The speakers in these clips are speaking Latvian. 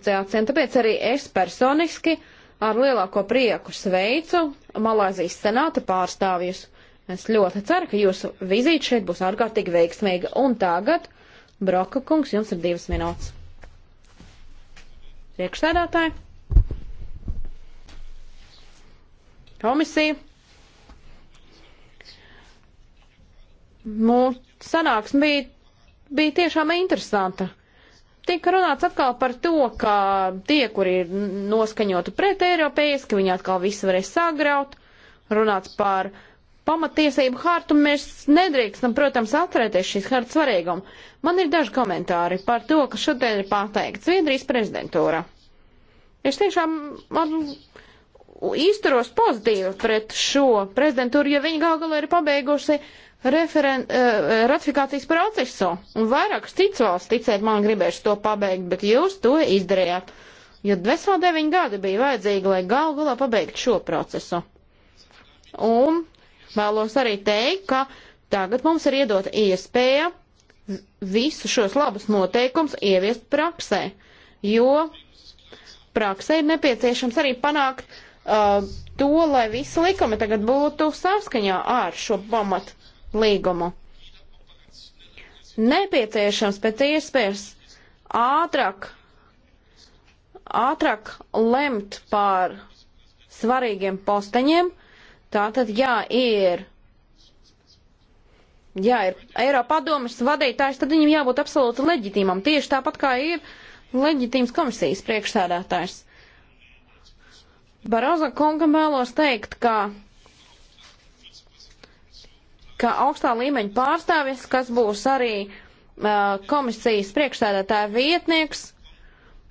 asociācijām. Tāpēc arī es personiski ar lielāko prieku sveicu Malāzijas senāta pārstāvjus. Es ļoti ceru, ka jūsu vizīte šeit būs ārkārtīgi veiksmīga. Un tagad, Broka kungs, jums ir divas minūtes. Priekšsēdētāji, komisija, mūsu nu, sanāksme bija, bija tiešām interesanta tika runāts atkal par to, ka tie, kuri ir noskaņoti pret Eiropējas, ka viņi atkal visu varēs sagraut, runāts par pamatiesību hartu, mēs nedrīkstam, protams, atcerēties šīs hartas svarīgumu. Man ir daži komentāri par to, kas šodien ir pateikts Zviedrijas prezidentūra. Es tiešām man izturos pozitīvi pret šo prezidentūru, jo viņi gal galā ir pabeigusi referen, uh, ratifikācijas procesu, un vairākas citas valsts, ticēt man, gribējuši to pabeigt, bet jūs to izdarījāt, jo vesel deviņi gadi bija vajadzīgi, lai galu galā pabeigtu šo procesu. Un vēlos arī teikt, ka tagad mums ir iedota iespēja visus šos labus noteikumus ieviest praksē, jo praksē ir nepieciešams arī panākt uh, to, lai visi likumi tagad būtu saskaņā ar šo pamatu līgumu. Nepieciešams pēc iespējas ātrāk, ātrāk lemt par svarīgiem posteņiem. Tātad, jā, ir Jā, ir Eiropadomas vadītājs, tad viņam jābūt absolūti leģitīmam, tieši tāpat kā ir leģitīms komisijas priekšsēdētājs. Baroza kungam vēlos teikt, ka ka augstā līmeņa pārstāvis, kas būs arī uh, komisijas priekšsēdētāja vietnieks,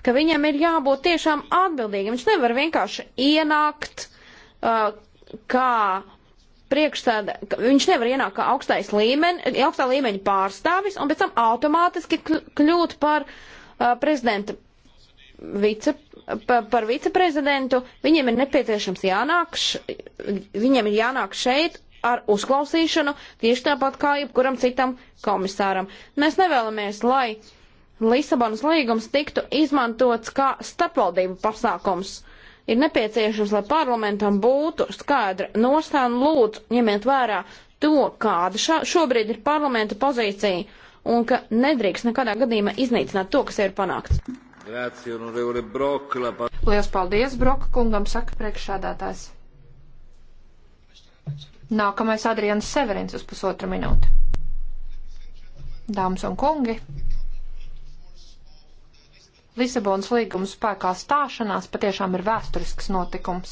ka viņam ir jābūt tiešām atbildīgam. Viņš nevar vienkārši ienākt uh, kā priekšstāda, viņš nevar ienākt kā augstais līmeņa, augstā līmeņa pārstāvis un pēc tam automātiski kļūt par uh, prezidenta vice, pa, par viceprezidentu. Viņiem ir nepieciešams jānāk, š, viņiem ir jānāk šeit ar uzklausīšanu, tieši tāpat kā jebkuram citam komisāram. Mēs nevēlamies, lai Lisabonas līgums tiktu izmantots kā starpvaldību pasākums. Ir nepieciešams, lai parlamentam būtu skaidra nostāna lūdzu, ņemiet vērā to, kāda šā, šobrīd ir parlamenta pozīcija un ka nedrīkst nekādā gadījumā iznīcināt to, kas ir panākts. Lielas paldies, Broka kungam, saka priekšādātājs. Nākamais Adrians Severins uz pusotru minūti. Dāmas un kungi, Lisabonas līguma spēkā stāšanās patiešām ir vēsturisks notikums.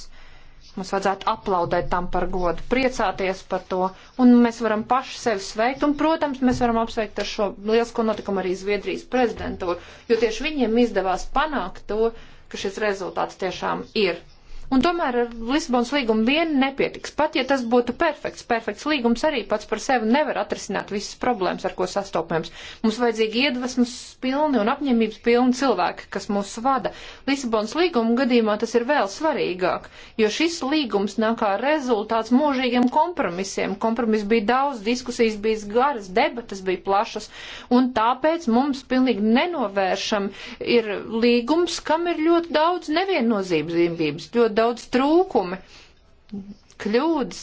Mums vajadzētu aplaudēt tam par godu, priecāties par to, un mēs varam paši sevi sveikt, un, protams, mēs varam apsveikt ar šo lielisko notikumu arī Zviedrijas prezidentūru, jo tieši viņiem izdevās panākt to, ka šis rezultāts tiešām ir Un tomēr ar Lisabonas līgumu vien nepietiks. Pat ja tas būtu perfekts, perfekts līgums arī pats par sevi nevar atrisināt visas problēmas, ar ko sastopams. Mums vajadzīgi iedvesmas pilni un apņemības pilni cilvēki, kas mūs vada. Lisabonas līguma gadījumā tas ir vēl svarīgāk, jo šis līgums nāk kā rezultāts mūžīgiem kompromisiem. Kompromis bija daudz, diskusijas bija garas, debatas bija plašas, un tāpēc mums pilnīgi nenovēršam ir līgums, kam ir ļoti daudz neviennozīmības. Ļoti daudz trūkumi, kļūdas.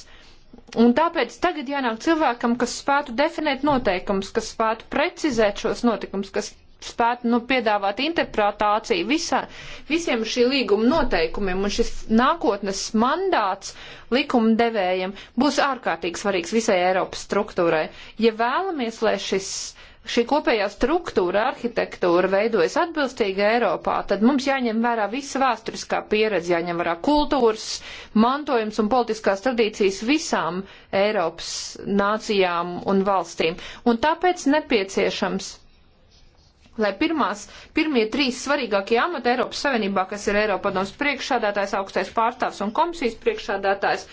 Un tāpēc tagad jānāk cilvēkam, kas spētu definēt noteikumus, kas spētu precizēt šos notikumus, kas spētu nu, piedāvāt interpretāciju visā, visiem šī līguma noteikumiem. Un šis nākotnes mandāts likumdevējiem būs ārkārtīgi svarīgs visai Eiropas struktūrai. Ja vēlamies, lai šis šī kopējā struktūra, arhitektūra veidojas atbilstīgi Eiropā, tad mums jāņem vērā visa vēsturiskā pieredze, jāņem vērā kultūras, mantojums un politiskās tradīcijas visām Eiropas nācijām un valstīm. Un tāpēc nepieciešams lai pirmās, pirmie trīs svarīgākie amati Eiropas Savienībā, kas ir Eiropadoms priekšsādātājs, augstais pārstāvs un komisijas priekšsādātājs,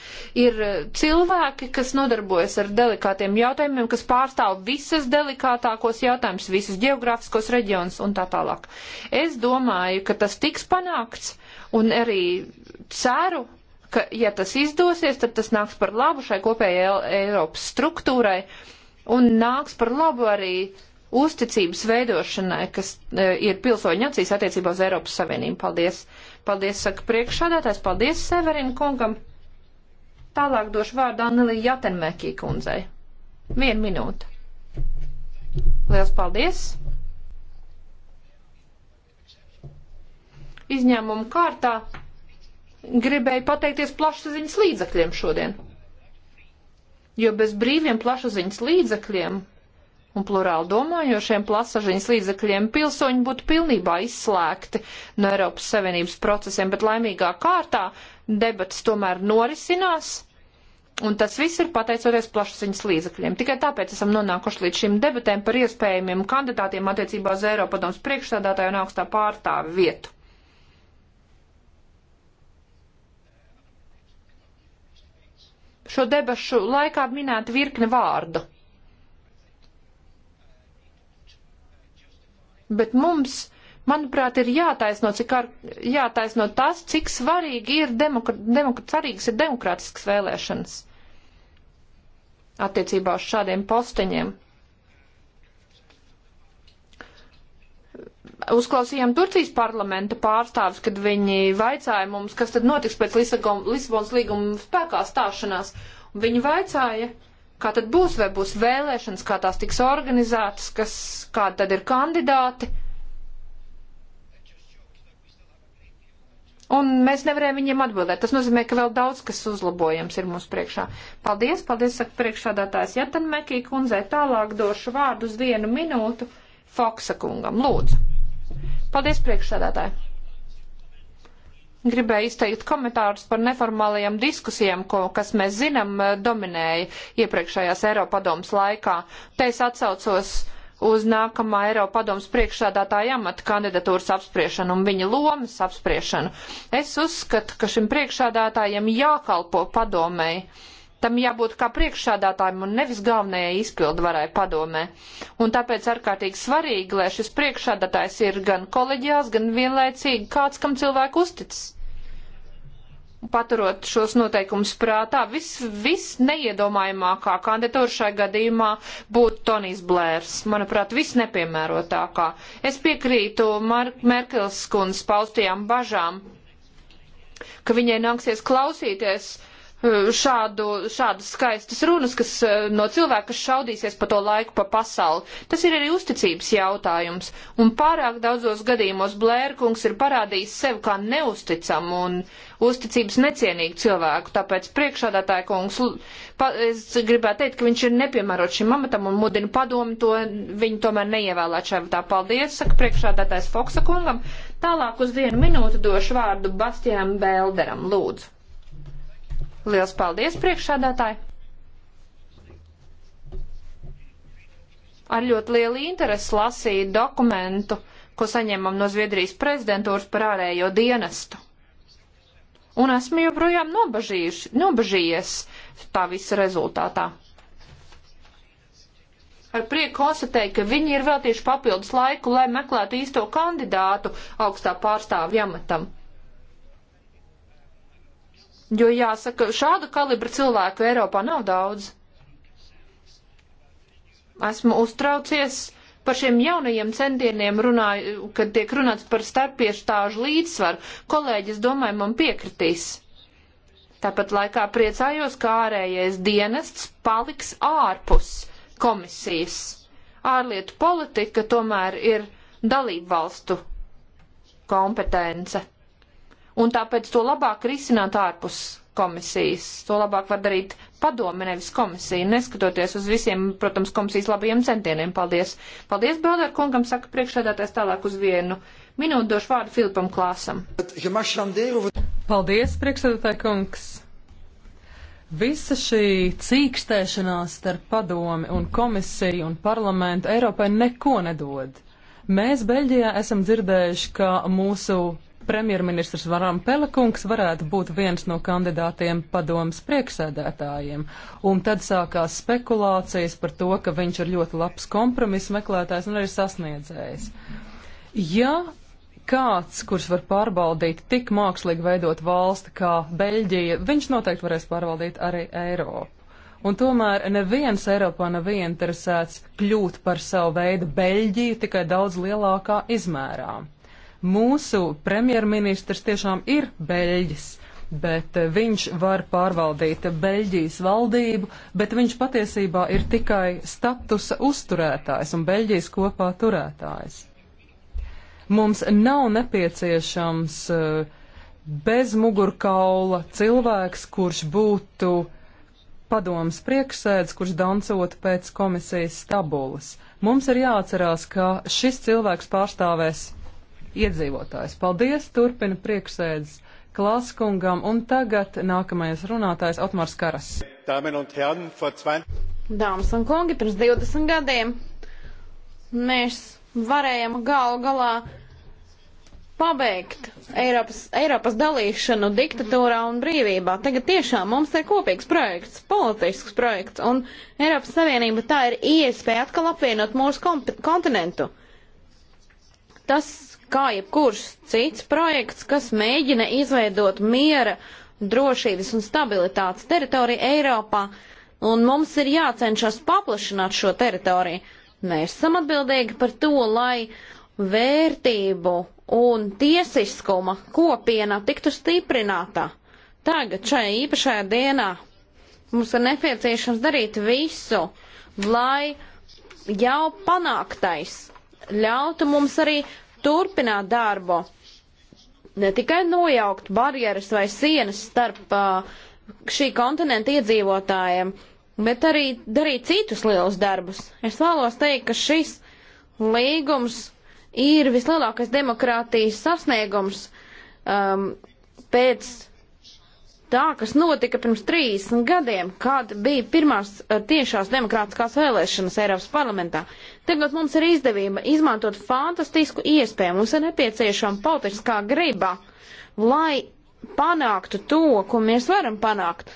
ir eh, cilvēki, kas nodarbojas ar delikātiem jautājumiem, kas pārstāv visas delikātākos jautājumus, visus geogrāfiskos reģionus un tā tālāk. Es domāju, ka tas tiks panākts un arī ceru, ka, ja tas izdosies, tad tas nāks par labu šai kopējai Eiropas struktūrai un nāks par labu arī uzticības veidošanai, kas e, ir pilsoņu acīs attiecībā uz Eiropas Savienību. Paldies! Paldies, saka priekšādātājs, paldies Severina kungam! Tālāk došu vārdu Annelī Jatenmēkī kundzei. Vienu minūtu. Liels paldies! Izņēmumu kārtā gribēju pateikties plašsaziņas līdzakļiem šodien. Jo bez brīviem plašsaziņas līdzakļiem un plurāli domājošiem plasažiņas līdzekļiem pilsoņi būtu pilnībā izslēgti no Eiropas Savienības procesiem, bet laimīgā kārtā debats tomēr norisinās. Un tas viss ir pateicoties plašsaziņas līdzekļiem. Tikai tāpēc esam nonākuši līdz šīm debatēm par iespējamiem kandidātiem attiecībā uz Eiropadoms priekšsādātāju un augstā pārstāvi vietu. Šo debašu laikā minēta virkne vārdu Bet mums, manuprāt, ir jātaisno, cik ar, jātaisno tas, cik svarīgi ir demokra, demokra, svarīgas ir demokrātiskas vēlēšanas attiecībā uz šādiem posteņiem. uzklausījām Turcijas parlamenta pārstāvis, kad viņi vaicāja mums, kas tad notiks pēc Lisabons līguma spēkā stāšanās. Viņi vaicāja, kā tad būs, vai būs vēlēšanas, kā tās tiks organizētas, kas, kādi tad ir kandidāti. Un mēs nevarējām viņiem atbildēt. Tas nozīmē, ka vēl daudz kas uzlabojams ir mūsu priekšā. Paldies, paldies, saka priekšādātājs Jatanmekī kundzei. Tālāk došu vārdu uz vienu minūtu Foksa kungam. Lūdzu. Paldies, priekšādātāji. Gribēju izteikt komentārus par neformālajām diskusijām, ko, kas, mēs zinām, eh, dominēja iepriekšējās Eiropadomas laikā. Te es atsaucos uz nākamā Eiropadomas priekšsādātāja amata kandidatūras apspriešanu un viņa lomas apspriešanu. Es uzskatu, ka šim priekšsādātājiem jākalpo padomēji Tam jābūt kā priekšsādātājiem un nevis galvenajai izpildvarai padomē. Un tāpēc ārkārtīgi svarīgi, lai šis priekšsādātājs ir gan koleģiāls, gan vienlaicīgi kāds, kam cilvēku uzticas. Paturot šos noteikumus prātā, viss vis neiedomājamākā kandidatūra šai gadījumā būtu Tonijs Blērs. Manuprāt, viss nepiemērotākā. Es piekrītu Mark Merkels kundas paustajām bažām, ka viņai nāksies klausīties uh, šādu, šādas skaistas runas, kas eh, no cilvēka, kas šaudīsies pa to laiku pa pasauli. Tas ir arī uzticības jautājums, un pārāk daudzos gadījumos Blērkungs ir parādījis sevi kā neusticamu un uzticības necienīgu cilvēku, tāpēc priekšādātāja kungs, pa, es gribētu teikt, ka viņš ir nepiemērots šim amatam un mudinu padomu to, viņu tomēr neievēlēt šajā vietā. Paldies, saka priekšādātājs Foksa kungam. Tālāk uz vienu minūtu došu vārdu Bastianam Bēlderam, lūdzu. Liels paldies, priekšsādātāji! Ar ļoti lielu interesi lasīju dokumentu, ko saņemam no Zviedrijas prezidentūras par ārējo dienestu. Un esmu joprojām nobažījies tā visa rezultātā. Ar prieku konstatēju, ka viņi ir veltījuši papildus laiku, lai meklētu īsto kandidātu augstā pārstāvja amatam. Jo jāsaka, šāda kalibra cilvēku Eiropā nav daudz. Esmu uztraucies par šiem jaunajiem centieniem, runāju, kad tiek runāts par starpiestāžu līdzsvaru. Kolēģis, domāju, man piekritīs. Tāpat laikā priecājos, ka ārējais dienests paliks ārpus komisijas. Ārlietu politika tomēr ir dalību valstu kompetence. Un tāpēc to labāk risināt ārpus komisijas. To labāk var darīt padome, nevis komisija, neskatoties uz visiem, protams, komisijas labajiem centieniem. Paldies. Paldies, Bildēr kungam, saka priekšsēdētājs tālāk uz vienu minūtu došu vārdu Filipam Klāsam. Paldies, priekšsēdētāj kungs. Visa šī cīkstēšanās starp padomi un komisiju un parlamentu Eiropai neko nedod. Mēs Beļģijā esam dzirdējuši, ka mūsu premjerministrs Varam Pelekungs varētu būt viens no kandidātiem padomas priekšsēdētājiem. Un tad sākās spekulācijas par to, ka viņš ir ļoti labs kompromisu meklētājs un arī sasniedzējs. Ja kāds, kurš var pārvaldīt tik mākslīgi veidot valsti kā Beļģija, viņš noteikti varēs pārvaldīt arī Eiropu. Un tomēr neviens Eiropā nav ieinteresēts kļūt par savu veidu Beļģiju tikai daudz lielākā izmērā. Mūsu premjerministrs tiešām ir beļģis, bet viņš var pārvaldīt Beļģijas valdību, bet viņš patiesībā ir tikai statusa uzturētājs un Beļģijas kopā turētājs. Mums nav nepieciešams eh, bezmugurkaula cilvēks, kurš būtu padomas priekšsēdz, kurš dancotu pēc komisijas stabulas. Mums ir jāatcerās, ka šis cilvēks pārstāvēs iedzīvotājs. Paldies, turpina priekšsēdz Klāskungam, un tagad nākamais runātājs Otmars Karas. Dāmas un kungi, pirms 20 gadiem mēs varējām galu galā pabeigt Eiropas, Eiropas dalīšanu diktatūrā un brīvībā. Tagad tiešām mums ir kopīgs projekts, politisks projekts, un Eiropas Savienība tā ir iespēja atkal apvienot mūsu kontinentu. Tas kā jebkurš cits projekts, kas mēģina izveidot miera, drošības un stabilitātes teritoriju Eiropā, un mums ir jācenšas paplašināt šo teritoriju. Mēs esam atbildīgi par to, lai vērtību un tiesiskuma kopiena tiktu stiprinātā. Tagad, šajā īpašajā dienā, mums ir nepieciešams darīt visu, lai jau panāktais ļautu mums arī turpināt darbu, ne tikai nojaukt barjeras vai sienas starp uh, šī kontinenta iedzīvotājiem, bet arī darīt citus lielus darbus. Es vēlos teikt, ka šis līgums ir vislielākais demokrātijas sasniegums um, pēc tā, kas notika pirms 30 gadiem, kad bija pirmās uh, tiešās demokrātiskās vēlēšanas Eiropas parlamentā. Tagad mums ir izdevība izmantot fantastisku iespēju. Mums ir nepieciešama politiskā griba, lai panāktu to, ko mēs varam panākt.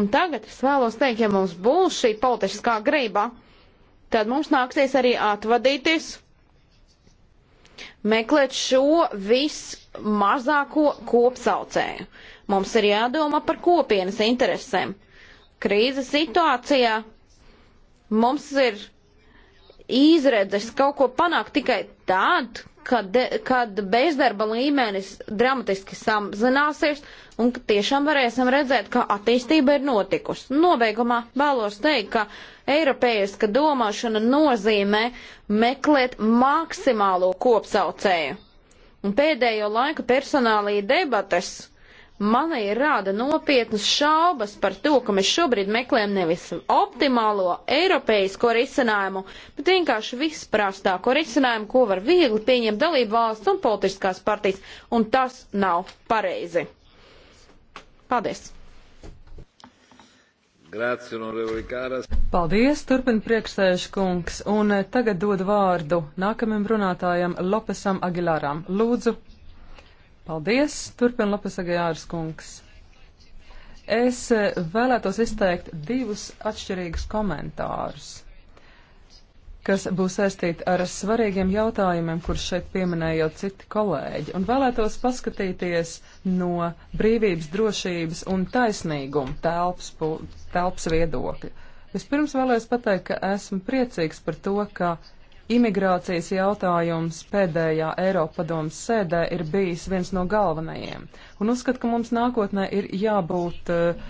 Un tagad es vēlos teikt, ja mums būs šī politiskā griba, tad mums nāksies arī atvadīties meklēt šo vismazāko kopsaucēju. Mums ir jādomā par kopienas interesēm. Krīzes situācijā mums ir izredzes kaut ko panākt tikai tad, kad, kad bezdarba līmenis dramatiski samazināsies un tiešām varēsim redzēt, ka attīstība ir notikusi. Nobeigumā vēlos teikt, ka eiropeiska domāšana nozīmē meklēt maksimālo kopsaucēju. Un pēdējo laiku personālī debates manī rāda nopietnas šaubas par to, ka mēs šobrīd meklējam nevis optimālo eiropeisko risinājumu, bet vienkārši visprastāko risinājumu, ko var viegli pieņemt dalību valsts un politiskās partijas, un tas nav pareizi. Paldies! Grāci, Paldies, turpina priekšsēžkungs, un tagad dodu vārdu nākamajam runātājam Lopesam Agilaram. Lūdzu, Paldies! Turpin Lapesagajārs kungs. Es eh, vēlētos izteikt divus atšķirīgus komentārus kas būs saistīti ar svarīgiem jautājumiem, kurus šeit pieminēja jau citi kolēģi, un vēlētos paskatīties no brīvības, drošības un taisnīguma telps, telps viedokļa. Vispirms vēlēs pateikt, ka esmu priecīgs par to, ka Imigrācijas jautājums pēdējā Eiropadomas sēdē ir bijis viens no galvenajiem, un uzskatu, ka mums nākotnē ir jābūt uh,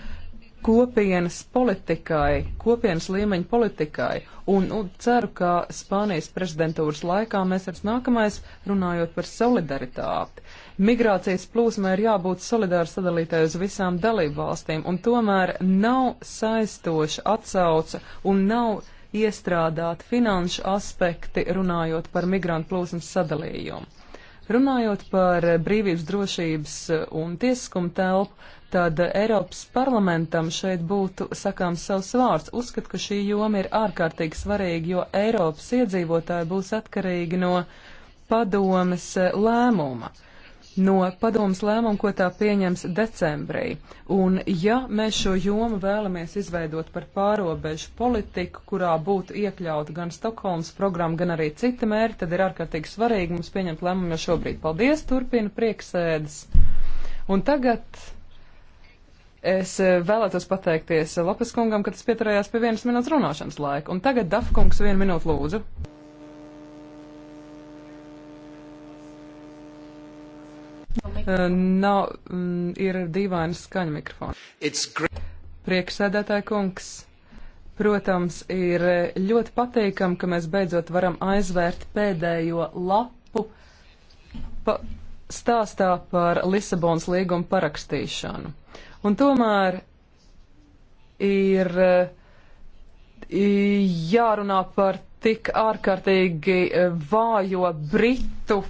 kopienas politikai, kopienas līmeņa politikai, un, un nu, ceru, ka Spānijas prezidentūras laikā mēs ar nākamais runājot par solidaritāti. Migrācijas plūsmai ir jābūt solidāri sadalītai uz visām dalību valstīm, un tomēr nav saistoša atsauca un nav iestrādāt finanšu aspekti, runājot par migrantu plūsmas sadalījumu. Runājot par brīvības, drošības e, un tiesiskumu telpu, tad Eiropas parlamentam šeit būtu sakāms savs vārds. Uzskat, ka šī joma ir ārkārtīgi svarīga, jo Eiropas iedzīvotāji būs atkarīgi no padomes e, lēmuma. Uh, no padomas lēmumu, ko tā pieņems decembrī. Un ja mēs šo jomu vēlamies izveidot par pārobežu politiku, kurā būtu iekļauta gan Stokholmas programma, gan arī cita mērķa, tad ir ārkārtīgi svarīgi mums pieņemt lēmumu jau šobrīd. Paldies, turpina prieksēdes. Un tagad. Es eh, vēlētos pateikties Lopes kungam, ka tas pieturējās pie vienas minūtes runāšanas laika. Un tagad Dafkungs vienu minūtu lūdzu. Nav, mm, ir dīvaini skaņa mikrofona. Prieksēdētāja kungs, protams, ir ļoti pateikam, ka mēs beidzot varam aizvērt pēdējo lapu pa stāstā par Lisabonas līgumu parakstīšanu. Un tomēr ir jārunā par tik ārkārtīgi e, vājo Britu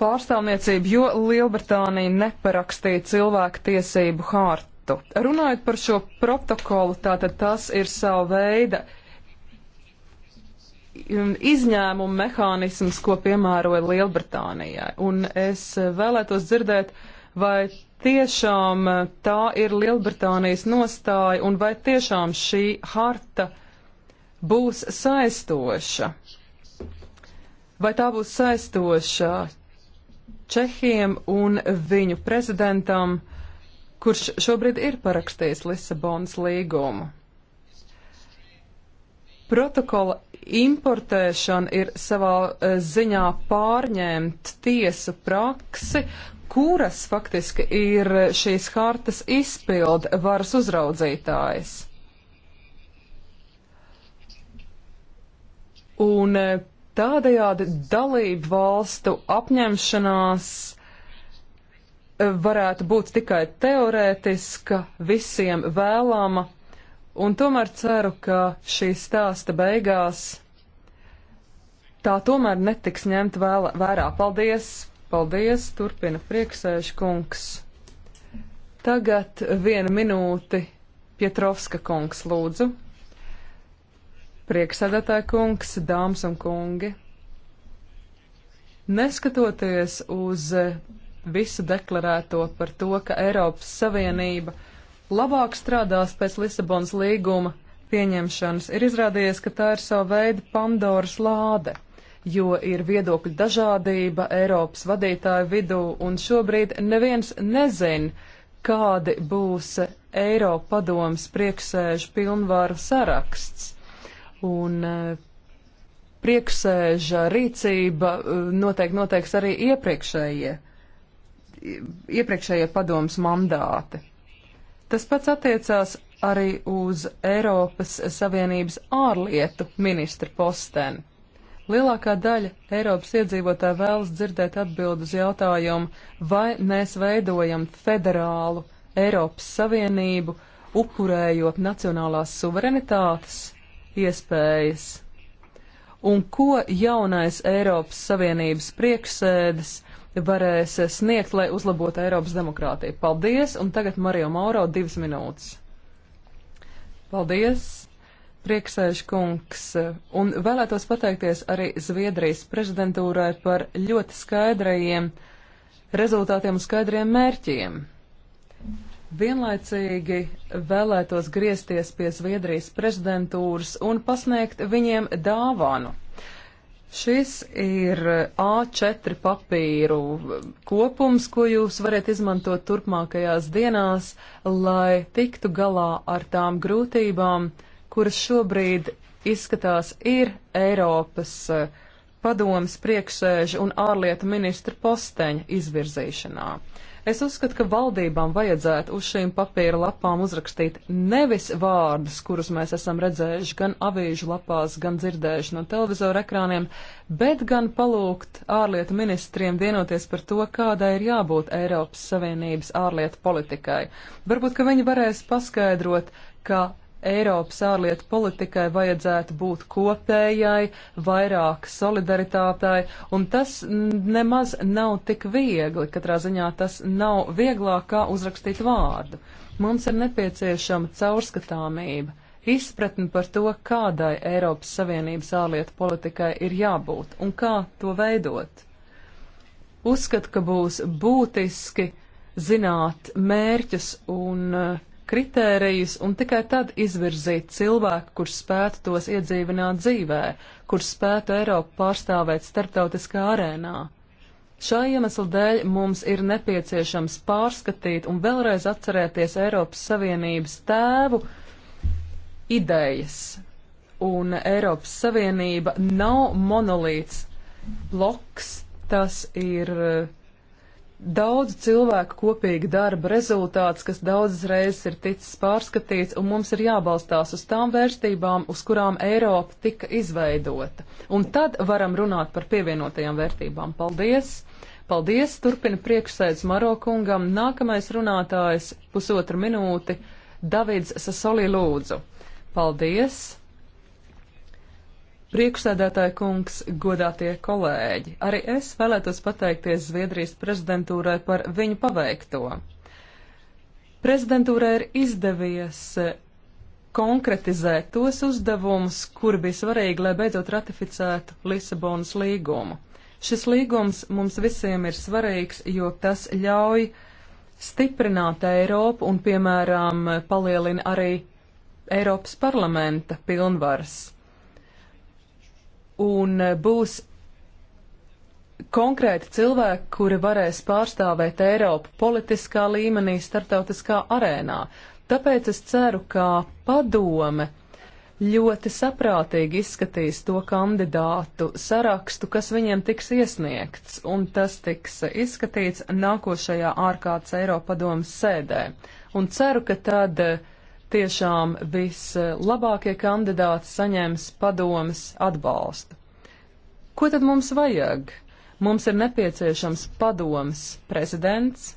pārstāvniecību, jo Lielbritānija neparakstīja cilvēku tiesību hārtu. Runājot par šo protokolu, tātad tas ir sava veida izņēmuma mehānisms, ko piemēroja Lielbritānijai. Un es vēlētos dzirdēt, vai tiešām tā ir Lielbritānijas nostāja un vai tiešām šī harta būs saistoša. Vai tā būs saistoša Čehiem un viņu prezidentam, kurš šobrīd ir parakstījis Lisabonas līgumu. Protokola importēšana ir savā eh, ziņā pārņemt tiesu praksi, kuras faktiski ir šīs hartas izpilde varas uzraudzītājs. Un eh, Tādējādi dalību valstu apņemšanās e, varētu būt tikai teorētiska, visiem vēlama, un tomēr ceru, ka šī stāsta beigās tā tomēr netiks ņemt vēl, vērā. Paldies! Paldies! Turpina prieksēžu kungs. Tagad viena minūte Pietrovska kungs lūdzu. Prieksēdētāja kungs, dāmas un kungi. Neskatoties uz visu deklarēto par to, ka Eiropas Savienība labāk strādās pēc Lisabonas līguma pieņemšanas, ir izrādījies, ka tā ir sava veida Pandoras lāde, jo ir viedokļu dažādība Eiropas vadītāju vidū, un šobrīd neviens nezin, kādi būs Eiropa padomas priekšsēžu pilnvaru saraksts. Un eh, priekšsēža rīcība eh, noteikti noteiks arī iepriekšējie, iepriekšējie padomas mandāti. Tas pats attiecās arī uz Eiropas Savienības ārlietu ministra posteni. Lielākā daļa Eiropas iedzīvotāja vēlas dzirdēt atbildu uz jautājumu, vai mēs veidojam federālu Eiropas Savienību, upurējot nacionālās suverenitātes iespējas. Un ko jaunais Eiropas Savienības priekšsēdis varēs sniegt, lai uzlabotu Eiropas demokrātiju? Paldies, un tagad Mario Mauro divas minūtes. Paldies! Priekšsēžkungs, un vēlētos pateikties arī Zviedrijas prezidentūrai par ļoti skaidrajiem rezultātiem un skaidriem mērķiem. Vienlaicīgi vēlētos griezties pie Zviedrijas prezidentūras un pasniegt viņiem dāvānu. Šis ir A4 papīru kopums, ko jūs varat izmantot turpmākajās dienās, lai tiktu galā ar tām grūtībām, kuras šobrīd izskatās ir Eiropas eh, padomas priekšsēža un ārlietu ministra posteņa izvirzīšanā. Es uzskatu, ka valdībām vajadzētu uz šīm papīra lapām uzrakstīt nevis vārdus, kurus mēs esam redzējuši gan avīžu lapās, gan dzirdējuši no televizora ekrāniem, bet gan palūgt ārlietu ministriem vienoties par to, kādai ir jābūt Eiropas Savienības ārlietu politikai. Varbūt, ka viņi varēs paskaidrot, ka Eiropas ārlietu politikai vajadzētu būt kopējai, vairāk solidaritātai, un tas nemaz nav tik viegli. Katrā ziņā tas nav vieglāk kā uzrakstīt vārdu. Mums ir nepieciešama caurskatāmība, izpratni par to, kādai Eiropas Savienības ārlietu politikai ir jābūt un kā to veidot. Uzskatu, ka būs būtiski zināt mērķus un uh, kritērijus un tikai tad izvirzīt cilvēku, kurš spētu tos iedzīvināt dzīvē, kurš spētu Eiropu pārstāvēt starptautiskā arēnā. Šā iemesla dēļ mums ir nepieciešams pārskatīt un vēlreiz atcerēties Eiropas Savienības tēvu idejas. Un Eiropas Savienība nav monolīts bloks, tas ir uh, daudzu cilvēku kopīga darba rezultāts, kas daudzas reizes ir ticis pārskatīts, un mums ir jābalstās uz tām vērtībām, uz kurām Eiropa tika izveidota. Un tad varam runāt par pievienotajām vērtībām. Paldies! Paldies! Turpina priekšsēdz Marokungam. Nākamais runātājs pusotra minūte - Davids Sasolī Lūdzu. Paldies! Priekšsēdētāja kungs, godātie kolēģi, arī es vēlētos pateikties Zviedrijas prezidentūrai par viņu paveikto. Prezidentūrai ir izdevies eh, konkretizēt tos uzdevumus, kuri bija svarīgi, lai beidzot ratificētu Lisabonas līgumu. Šis līgums mums visiem ir svarīgs, jo tas ļauj stiprināt Eiropu un, piemēram, palielina arī Eiropas parlamenta pilnvaras un eh, būs konkrēti cilvēki, kuri varēs pārstāvēt Eiropu politiskā līmenī, starptautiskā arēnā. Tāpēc es ceru, ka padome ļoti saprātīgi izskatīs to kandidātu sarakstu, kas viņiem tiks iesniegts, un tas tiks izskatīts nākošajā ārkārtas Eiropadomas sēdē. Un ceru, ka tad uh, tiešām vislabākie kandidāti saņems padomas atbalstu. Ko tad mums vajag? Mums ir nepieciešams padomas prezidents,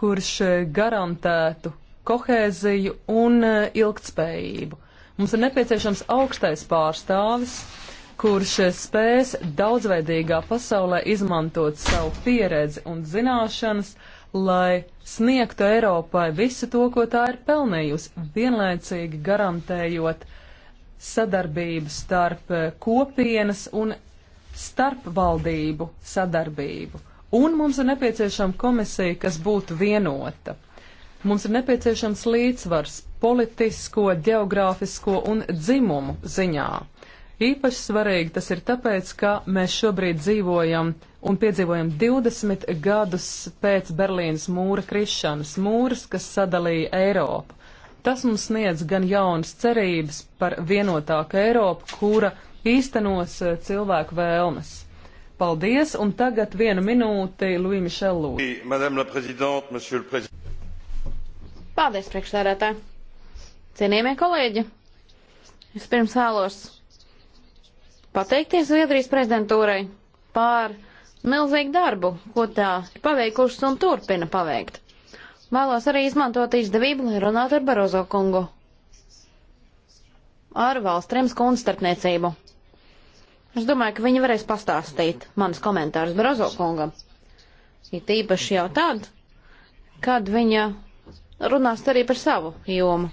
kurš garantētu kohēziju un eh, ilgtspējību. Mums ir nepieciešams augstais pārstāvis, kurš spēs daudzveidīgā pasaulē izmantot savu pieredzi un zināšanas, uh, lai sniegtu Eiropai visu to, ko tā ir pelnījusi, vienlaicīgi garantējot sadarbību starp eh, kopienas un starpvaldību sadarbību. Un mums ir nepieciešama komisija, kas būtu vienota. Mums ir nepieciešams līdzsvars politisko, geogrāfisko un dzimumu ziņā. Īpaši svarīgi tas ir tāpēc, ka mēs šobrīd dzīvojam un piedzīvojam 20 gadus pēc Berlīnas mūra krišanas, mūras, kas sadalīja Eiropu. Tas mums sniedz gan jaunas cerības par vienotāku Eiropu, kura īstenos eh, cilvēku vēlmes. Paldies, un tagad vienu minūti Louis Michel Lūdzu. Paldies, priekšsēdētāji! Cienījamie kolēģi! Es pirms vēlos pateikties Zviedrijas prezidentūrai par milzīgu darbu, ko tā paveikušas un turpina paveikt. Vēlos arī izmantot izdevību, lai runātu ar Barozo kungu. Ar valstrēm skundu starpniecību. Es domāju, ka viņi varēs pastāstīt manas komentārus Barozo kungam. Ir tīpaši jau tad, kad viņa runās arī par savu jomu.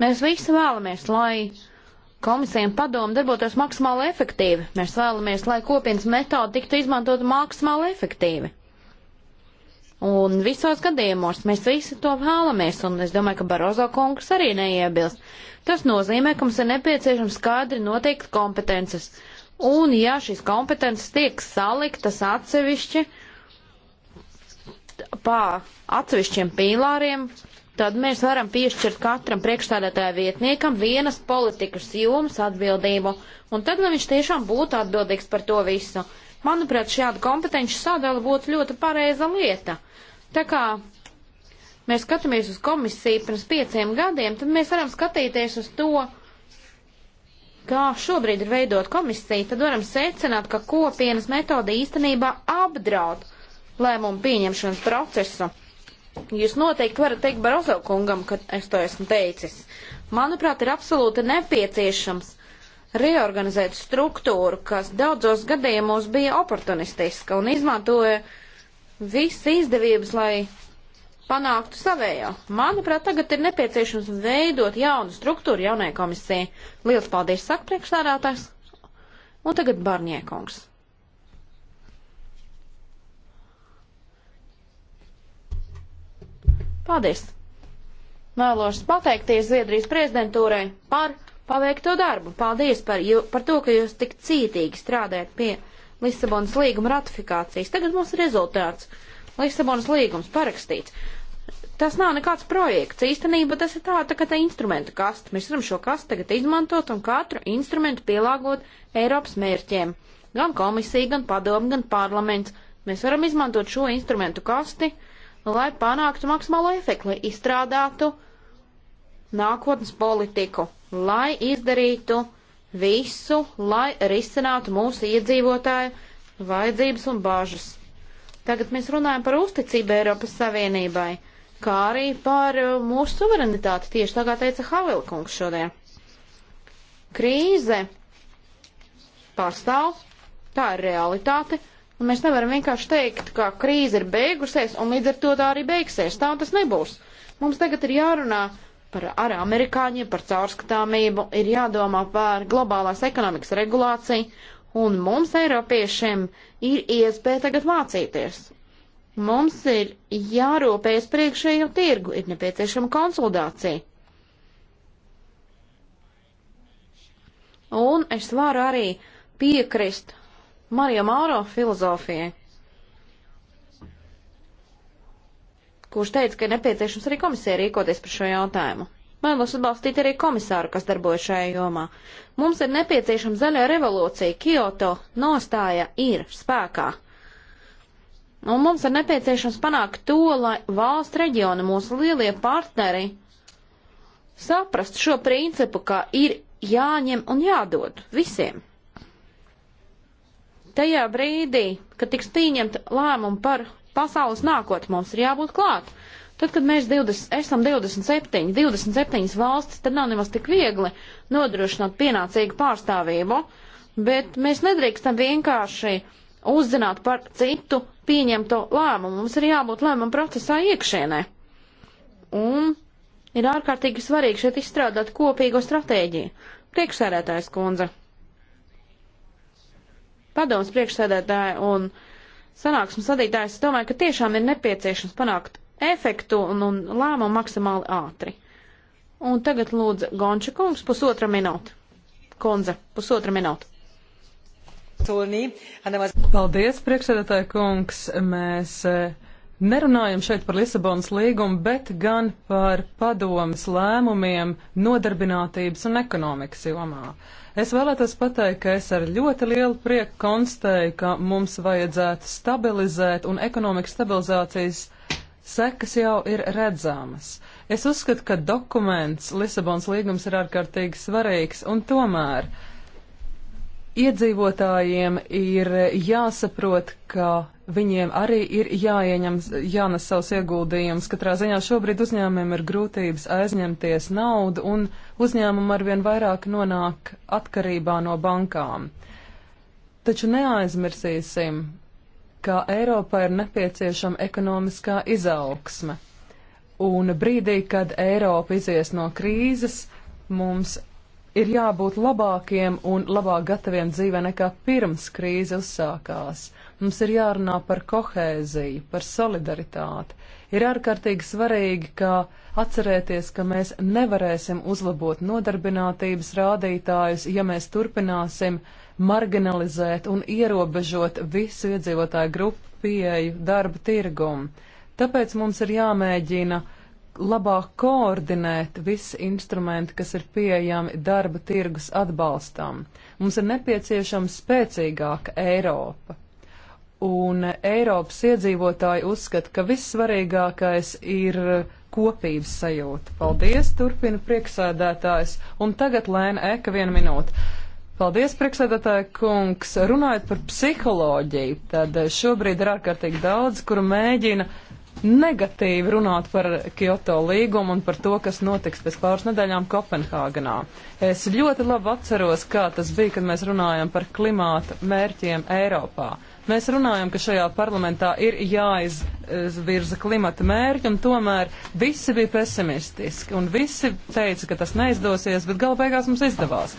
Mēs visi vēlamies, lai komisija un padomu darbotos maksimāli efektīvi. Mēs vēlamies, lai kopienas metode tiktu izmantota maksimāli efektīvi. Un visos gadījumos mēs visi to vēlamies, un es domāju, ka Barozo kungs arī neiebilst. Tas nozīmē, ka mums ir nepieciešams skaidri noteikti kompetences. Un ja šīs kompetences tiek saliktas atsevišķi, pa atsevišķiem pīlāriem, tad mēs varam piešķirt katram priekšstādātāja vietniekam vienas politikas jomas atbildību, un tad, lai nu viņš tiešām būtu atbildīgs par to visu. Manuprāt, šāda kompetenci sadala būtu ļoti pareiza lieta. Tā kā mēs skatāmies uz komisiju pirms pieciem gadiem, tad mēs varam skatīties uz to, kā šobrīd ir veidot komisiju, tad varam secināt, ka kopienas metode īstenībā apdraud lēmumu pieņemšanas procesu. Jūs noteikti varat teikt Barozo kungam, ka es to esmu teicis. Manuprāt, ir absolūti nepieciešams reorganizēt struktūru, kas daudzos gadījumos bija oportunistiska un izmantoja visas izdevības, lai panāktu savējo. Manuprāt, tagad ir nepieciešams veidot jaunu struktūru jaunai komisijai. Lielas paldies, saka priekšsādātājs. Un tagad Barņiekungs. Paldies! Vēlos pateikties Zviedrijas prezidentūrai par paveikto darbu. Paldies par, jū, par to, ka jūs tik cītīgi strādājat pie Lisabonas līguma ratifikācijas. Tagad mums ir rezultāts. Lisabonas līgums parakstīts. Tas nav nekāds projekts. Īstenībā tas ir tā, tā kā tā instrumenta kasta. Mēs varam šo kastu tagad izmantot un katru instrumentu pielāgot Eiropas mērķiem. Gan komisija, gan padomu, gan parlaments. Mēs varam izmantot šo instrumentu kasti lai panāktu maksimālo efektu, lai izstrādātu nākotnes politiku, lai izdarītu visu, lai risinātu mūsu iedzīvotāju vajadzības un bāžas. Tagad mēs runājam par uzticību Eiropas Savienībai, kā arī par uh, mūsu suverenitāti, tieši tā kā teica Havilkungs šodien. Krīze pastāv, tā ir realitāte, Un mēs nevaram vienkārši teikt, ka krīze ir beigusies un līdz ar to tā arī beigsies. Tā tas nebūs. Mums tagad ir jārunā par ar amerikāņiem, par caurskatāmību, ir jādomā par globālās ekonomikas regulāciju, un mums, Eiropiešiem, ir iespēja tagad mācīties. Mums ir jārūpējas priekšējo tirgu, ir nepieciešama konsultācija. Un es varu arī piekrist Marija Māro filozofijai, kurš teica, ka ir nepieciešams arī komisija rīkoties par šo jautājumu. Vēlos atbalstīt arī komisāru, kas darbojas šajā jomā. Mums ir nepieciešama zaļā revolūcija, Kyoto nostāja ir spēkā. Un mums ir nepieciešams panākt to, lai valsts reģioni, mūsu lielie partneri, saprast šo principu, ka ir jāņem un jādod visiem tajā brīdī, kad tiks pieņemta lēmuma par pasaules nākotni, mums ir jābūt klāt. Tad, kad mēs 20, esam 27, 27 valstis, tad nav nemaz tik viegli nodrošināt pienācīgu pārstāvību, bet mēs nedrīkstam vienkārši uzzināt par citu pieņemto lēmumu. Mums ir jābūt lēmumu procesā iekšienē. Un ir ārkārtīgi svarīgi šeit izstrādāt kopīgo stratēģiju. Priekšsēdētājs kundze padomas priekšsēdētāja un sanāksmes vadītājs, es domāju, ka tiešām ir nepieciešams panākt efektu un, un lēmumu maksimāli ātri. Un tagad lūdzu Gonča kungs pusotra minūte. Konze, pusotra minūte. Paldies, priekšsēdētāja kungs. Mēs e, nerunājam šeit par Lisabonas līgumu, bet gan par padomas lēmumiem nodarbinātības un ekonomikas jomā. Uh, Es vēlētos pateikt, ka es ar ļoti lielu prieku konstēju, ka mums vajadzētu stabilizēt un ekonomikas stabilizācijas sekas jau ir redzamas. Es uzskatu, ka dokuments Lisabons līgums ir ārkārtīgi svarīgs un tomēr iedzīvotājiem ir jāsaprot, ka viņiem arī ir jāieņem, jānes savs ieguldījums. Katrā ziņā šobrīd uzņēmumiem ir grūtības aizņemties naudu un uzņēmumi arvien vairāk nonāk atkarībā no bankām. Taču neaizmirsīsim, ka Eiropā ir nepieciešama ekonomiskā izaugsme. Un brīdī, kad Eiropa izies no krīzes, mums ir jābūt labākiem un labāk gataviem dzīvē nekā pirms krīze uzsākās. Mums ir jārunā par kohēziju, par solidaritāti. Ir ārkārtīgi svarīgi, ka atcerēties, ka mēs nevarēsim uzlabot nodarbinātības rādītājus, ja mēs turpināsim marginalizēt un ierobežot visu iedzīvotāju grupu pieeju darba tirgumu. Tāpēc mums ir jāmēģina labāk koordinēt visi instrumenti, kas ir pieejami darba tirgus atbalstam. Mums ir nepieciešama spēcīgāka Eiropa un Eiropas iedzīvotāji uzskata, ka vissvarīgākais ir kopības sajūta. Paldies, turpina prieksēdētājs. Un tagad lēna eka vienu minūti. Paldies, prieksēdētāja kungs. Runājot par psiholoģiju, tad šobrīd ir ārkārtīgi daudz, kuru mēģina negatīvi runāt par Kyoto līgumu un par to, kas notiks pēc pāris nedēļām Kopenhāganā. Es ļoti labi atceros, kā tas bija, kad mēs runājam par klimāta mērķiem Eiropā. Mēs runājam, ka šajā parlamentā ir jāizvirza klimata mērķi, un tomēr visi bija pesimistiski, un visi teica, ka tas neizdosies, bet galu beigās mums izdevās.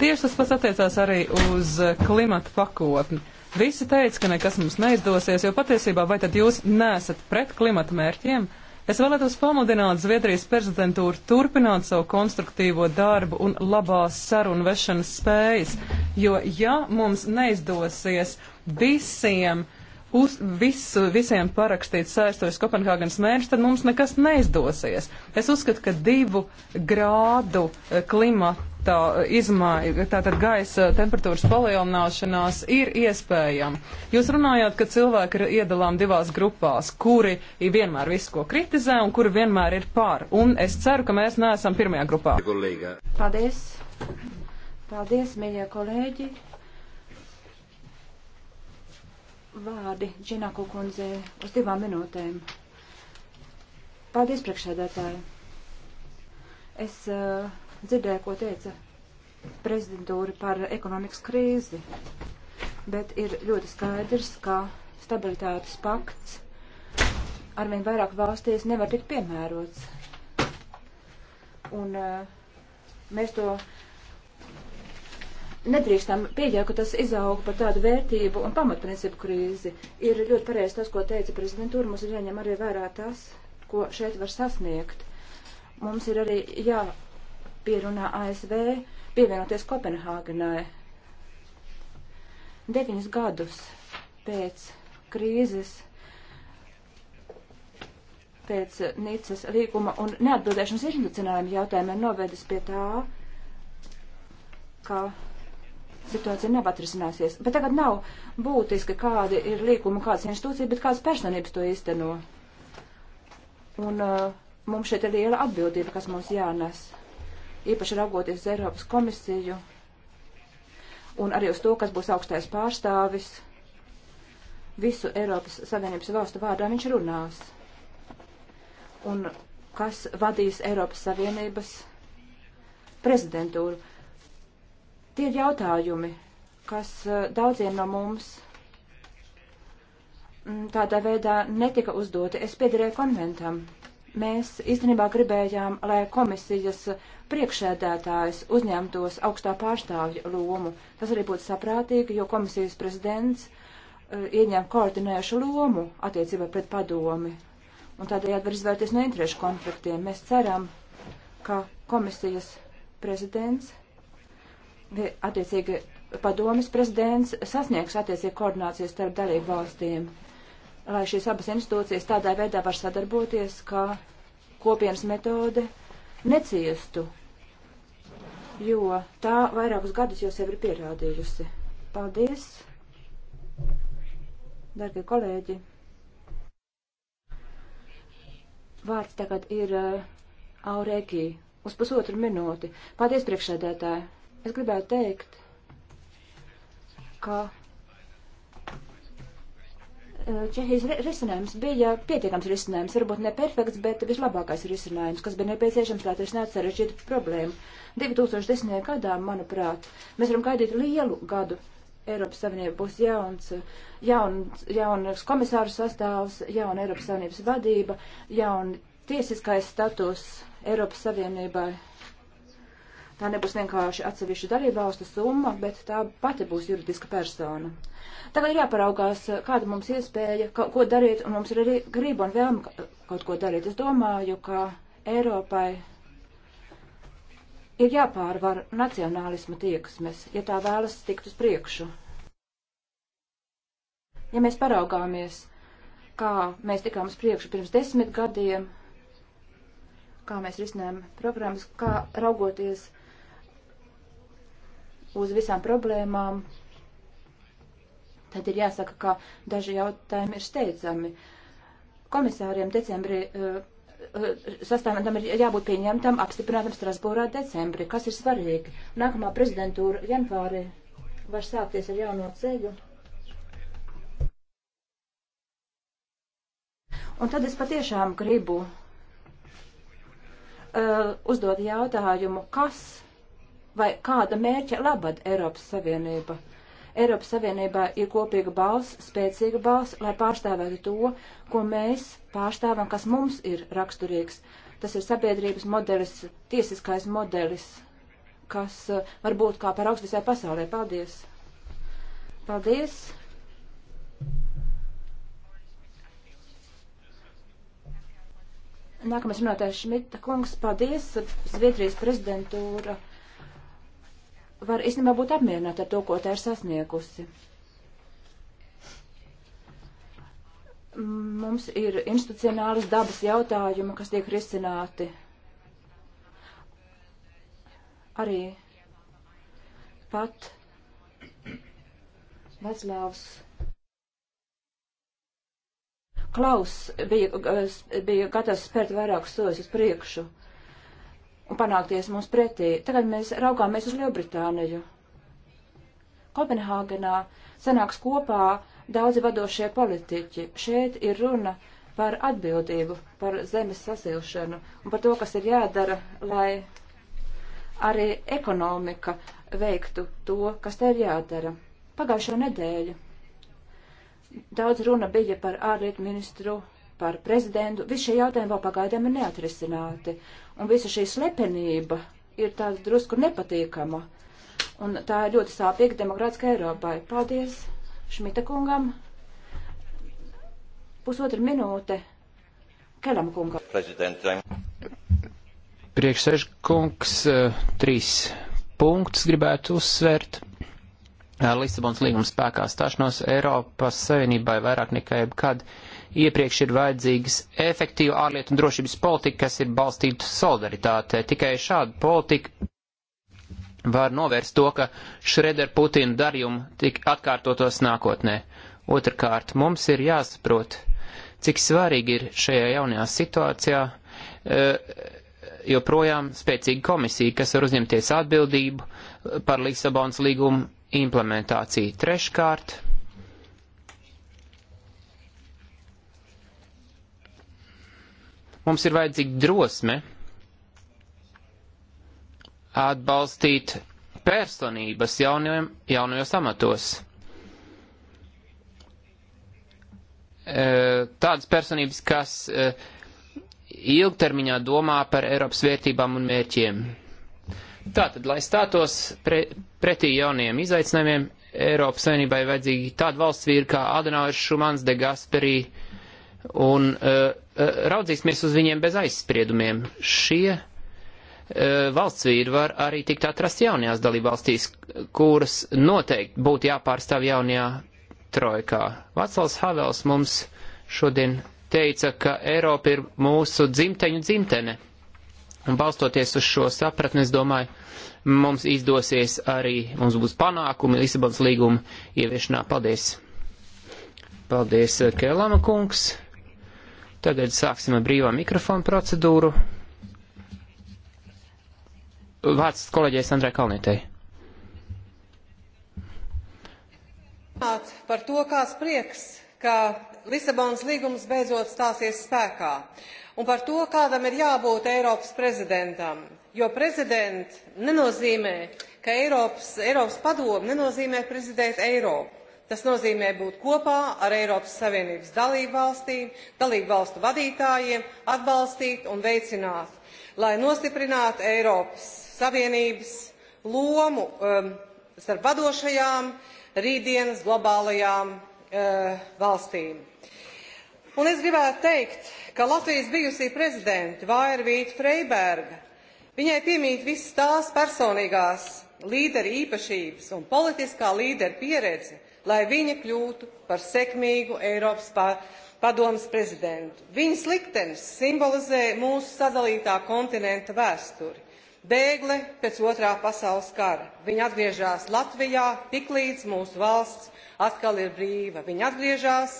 Tieši tas pats attiecās arī uz klimata pakotni. Visi teica, ka nekas mums neizdosies, jo patiesībā vai tad jūs nesat pret klimata mērķiem? Es vēlētos pamudināt Zviedrijas prezidentūru turpināt savu konstruktīvo darbu un labās sarunu vešanas spējas, jo ja mums neizdosies visiem uz visu, visiem parakstīt saistojas Kopenhāgenes mērķus, tad mums nekas neizdosies. Es uzskatu, ka divu grādu eh, klimata eh, izmaiņa, tātad gaisa temperatūras palielināšanās ir iespējama. Jūs runājāt, ka cilvēki ir iedalām divās grupās, kuri vienmēr visu, ko kritizē, un kuri vienmēr ir pār. Un es ceru, ka mēs neesam pirmajā grupā. Paldies! Paldies, mīļie kolēģi! vārdi Džināko kundzē uz divām minūtēm. Paldies, priekšsēdētāji. Es uh, dzirdēju, ko teica prezidentūra par ekonomikas krīzi, bet ir ļoti skaidrs, ka stabilitātes pakts arvien vairāk valstīs nevar tikt piemērots. Un uh, mēs to nedrīkstam pieļaut, ka tas izaug par tādu vērtību un pamatprincipu krīzi. Ir ļoti pareizi tas, ko teica prezidentūra, mums ir jāņem arī vērā tas, ko šeit var sasniegt. Mums ir arī jāpierunā ASV pievienoties Kopenhāgenai. Deviņus gadus pēc krīzes pēc Nīcas līguma un neatbildēšanas iznicinājuma jautājumiem novedis pie tā, ka situācija nebatrisināsies. Bet tagad nav būtiski, kādi ir līkumi, kādas institūcija, bet kādas personības to īsteno. Un uh, mums šeit ir liela atbildība, kas mums jānes. Īpaši raugoties uz Eiropas komisiju un arī uz to, kas būs augstais pārstāvis. Visu Eiropas Savienības valstu vārdā viņš runās. Un kas vadīs Eiropas Savienības prezidentūru. Tie ir jautājumi, kas eh, daudziem no mums mm, tādā veidā netika uzdoti. Es piedarēju konventam. Mēs īstenībā gribējām, lai komisijas priekšēdētājs uzņemtos augstā pārstāvja lomu. Tas arī būtu saprātīgi, jo komisijas prezidents uh, ieņem koordinējušu lomu attiecībā pret padomi. Un tādējādi var izvērties no interešu konfliktiem. Mēs ceram, ka komisijas prezidents attiecīgi padomis prezidents sasniegs attiecīgi koordinācijas starp dalību valstīm, lai šīs abas institūcijas tādā veidā var sadarboties, ka kopienas metode neciestu, jo tā vairākus gadus jau sev ir pierādījusi. Paldies, darbie kolēģi! Vārds tagad ir uh, Aurēkī uz pusotru minūti. Paldies, priekšsēdētāji! Es gribētu teikt, ka e, Čehijas risinājums bija pietiekams risinājums, varbūt ne perfekts, bet vislabākais risinājums, kas bija nepieciešams, lai atrisinātu sarežģītu problēmu. 2010. gadā, manuprāt, mēs varam gaidīt lielu gadu. Eiropas Savienība būs jauns, jauns, jauns komisāru sastāvs, jauna Eiropas Savienības vadība, jauna tiesiskais status Eiropas Savienībai Tā nebūs vienkārši atsevišķa darībvalstu summa, bet tā pati būs juridiska persona. Tagad ir jāparaugās, kāda mums iespēja kaut ko darīt, un mums ir arī griba un vēlme kaut ko darīt. Es domāju, ka Eiropai ir jāpārvar nacionālisma tieksmes, ja tā vēlas tikt uz priekšu. Ja mēs paraugāmies, kā mēs tikām uz priekšu pirms desmit gadiem, kā mēs risinājām programmas, kā raugoties uz visām problēmām, tad ir jāsaka, ka daži jautājumi ir steidzami. Komisāriem decembrī eh, eh, sastāvam ir jābūt pieņemtam, apstiprinātam Strasbūrā decembrī, kas ir svarīgi. Nākamā prezidentūra janvāri var sākties ar jauno ceļu. Un tad es patiešām gribu uh, uzdot jautājumu, kas vai kāda mērķa labad Eiropas Savienība. Eiropas Savienībā ir kopīga balss, spēcīga balss, lai pārstāvētu to, ko mēs pārstāvam, kas mums ir raksturīgs. Tas ir sabiedrības modelis, tiesiskais modelis, kas eh, var būt kā par augstu visai pasaulē. Paldies! Paldies! Nākamais runātājs Šmita kungs, paldies, Zviedrijas prezidentūra var īstenībā būt apmierināta ar to, ko tā ir sasniegusi. Mums ir institucionālas dabas jautājumi, kas tiek risināti. Arī pat Vaclavs Klaus bija, eh, bija gatavs spērt vairākus soļus uz priekšu. Uh, un panākties mums pretī. Tagad mēs raugāmies uz Lielbritāniju. Kopenhāgenā sanāks kopā daudzi vadošie politiķi. Šeit ir runa par atbildību, par zemes sasilšanu un par to, kas ir jādara, lai arī ekonomika veiktu to, kas te ir jādara. Pagājušo nedēļu daudz runa bija par ārlietu ministru par prezidentu, visi šie jautājumi vēl pagaidām ir neatrisināti. Un visa šī slepenība ir tā drusku nepatīkama. Un tā ir ļoti sāpīga demokrātiskā Eiropai. Paldies Šmita kungam. Pusotra minūte Kelam kungam. Prezidentam. Priekšsēžkungs eh, trīs punktus gribētu uzsvērt. Eh, Lisabons līgums spēkā stāšanos Eiropas Savienībai vairāk nekā jebkad. Uh, iepriekš ir vajadzīgas efektīva ārlietu un drošības politika, kas ir balstīta solidaritātē. Tikai šāda politika var novērst to, ka Šreder Putina darījumi tik atkārtotos nākotnē. Otrkārt, mums ir jāsaprot, cik svarīgi ir šajā jaunajā situācijā e, joprojām spēcīga komisija, kas var uzņemties atbildību par Lisabonas līgumu implementāciju. Treškārt, Mums ir vajadzīga drosme atbalstīt personības jaunajiem, jaunajos amatos. E, tādas personības, kas e, ilgtermiņā domā par Eiropas vērtībām un mērķiem. Tātad, lai stātos pre, pretī jauniem izaicinājumiem, Eiropas Savienībai vajadzīgi tāda valsts vīra kā Adenauer, Šumans, De Gasperi un uh, Eh, raudzīsimies uz viņiem bez aizspriedumiem. Šie eh, valsts vīri var arī tikt atrast jaunajās dalībvalstīs, kuras noteikti būtu jāpārstāv jaunajā trojkā. Vaclavs Havels mums šodien teica, ka Eiropa ir mūsu dzimteņu dzimtene. Un balstoties uz šo sapratni, es domāju, mums izdosies arī, mums būs panākumi Lisabons līguma ieviešanā. Paldies! Paldies, eh, Kelama kungs! Tādēļ sāksim ar brīvā mikrofonu procedūru. Vārds kolēģies Andrē Kalnietei. Par to, kāds prieks, ka Lisabonas līgums beidzot stāsies spēkā, un par to, kādam ir jābūt Eiropas prezidentam, jo prezident nenozīmē, ka Eiropas, Eiropas padomu nenozīmē prezidēt Eiropu Tas nozīmē būt kopā ar Eiropas Savienības dalību valstīm, dalību valstu vadītājiem, atbalstīt un veicināt, lai nostiprinātu Eiropas Savienības lomu um, starp vadošajām rītdienas globālajām uh, valstīm. Un es gribētu teikt, ka Latvijas bijusī prezidenta Vaira Vīta Freiberga, viņai piemīt visas tās personīgās līderi īpašības un politiskā līderi pieredze, lai viņa kļūtu par sekmīgu Eiropas padomas prezidentu. Viņas liktenis simbolizē mūsu sadalītā kontinenta vēsturi. Bēgle pēc otrā pasaules kara. Viņa atgriežas Latvijā, tiklīdz mūsu valsts atkal ir brīva. Viņa atgriežas,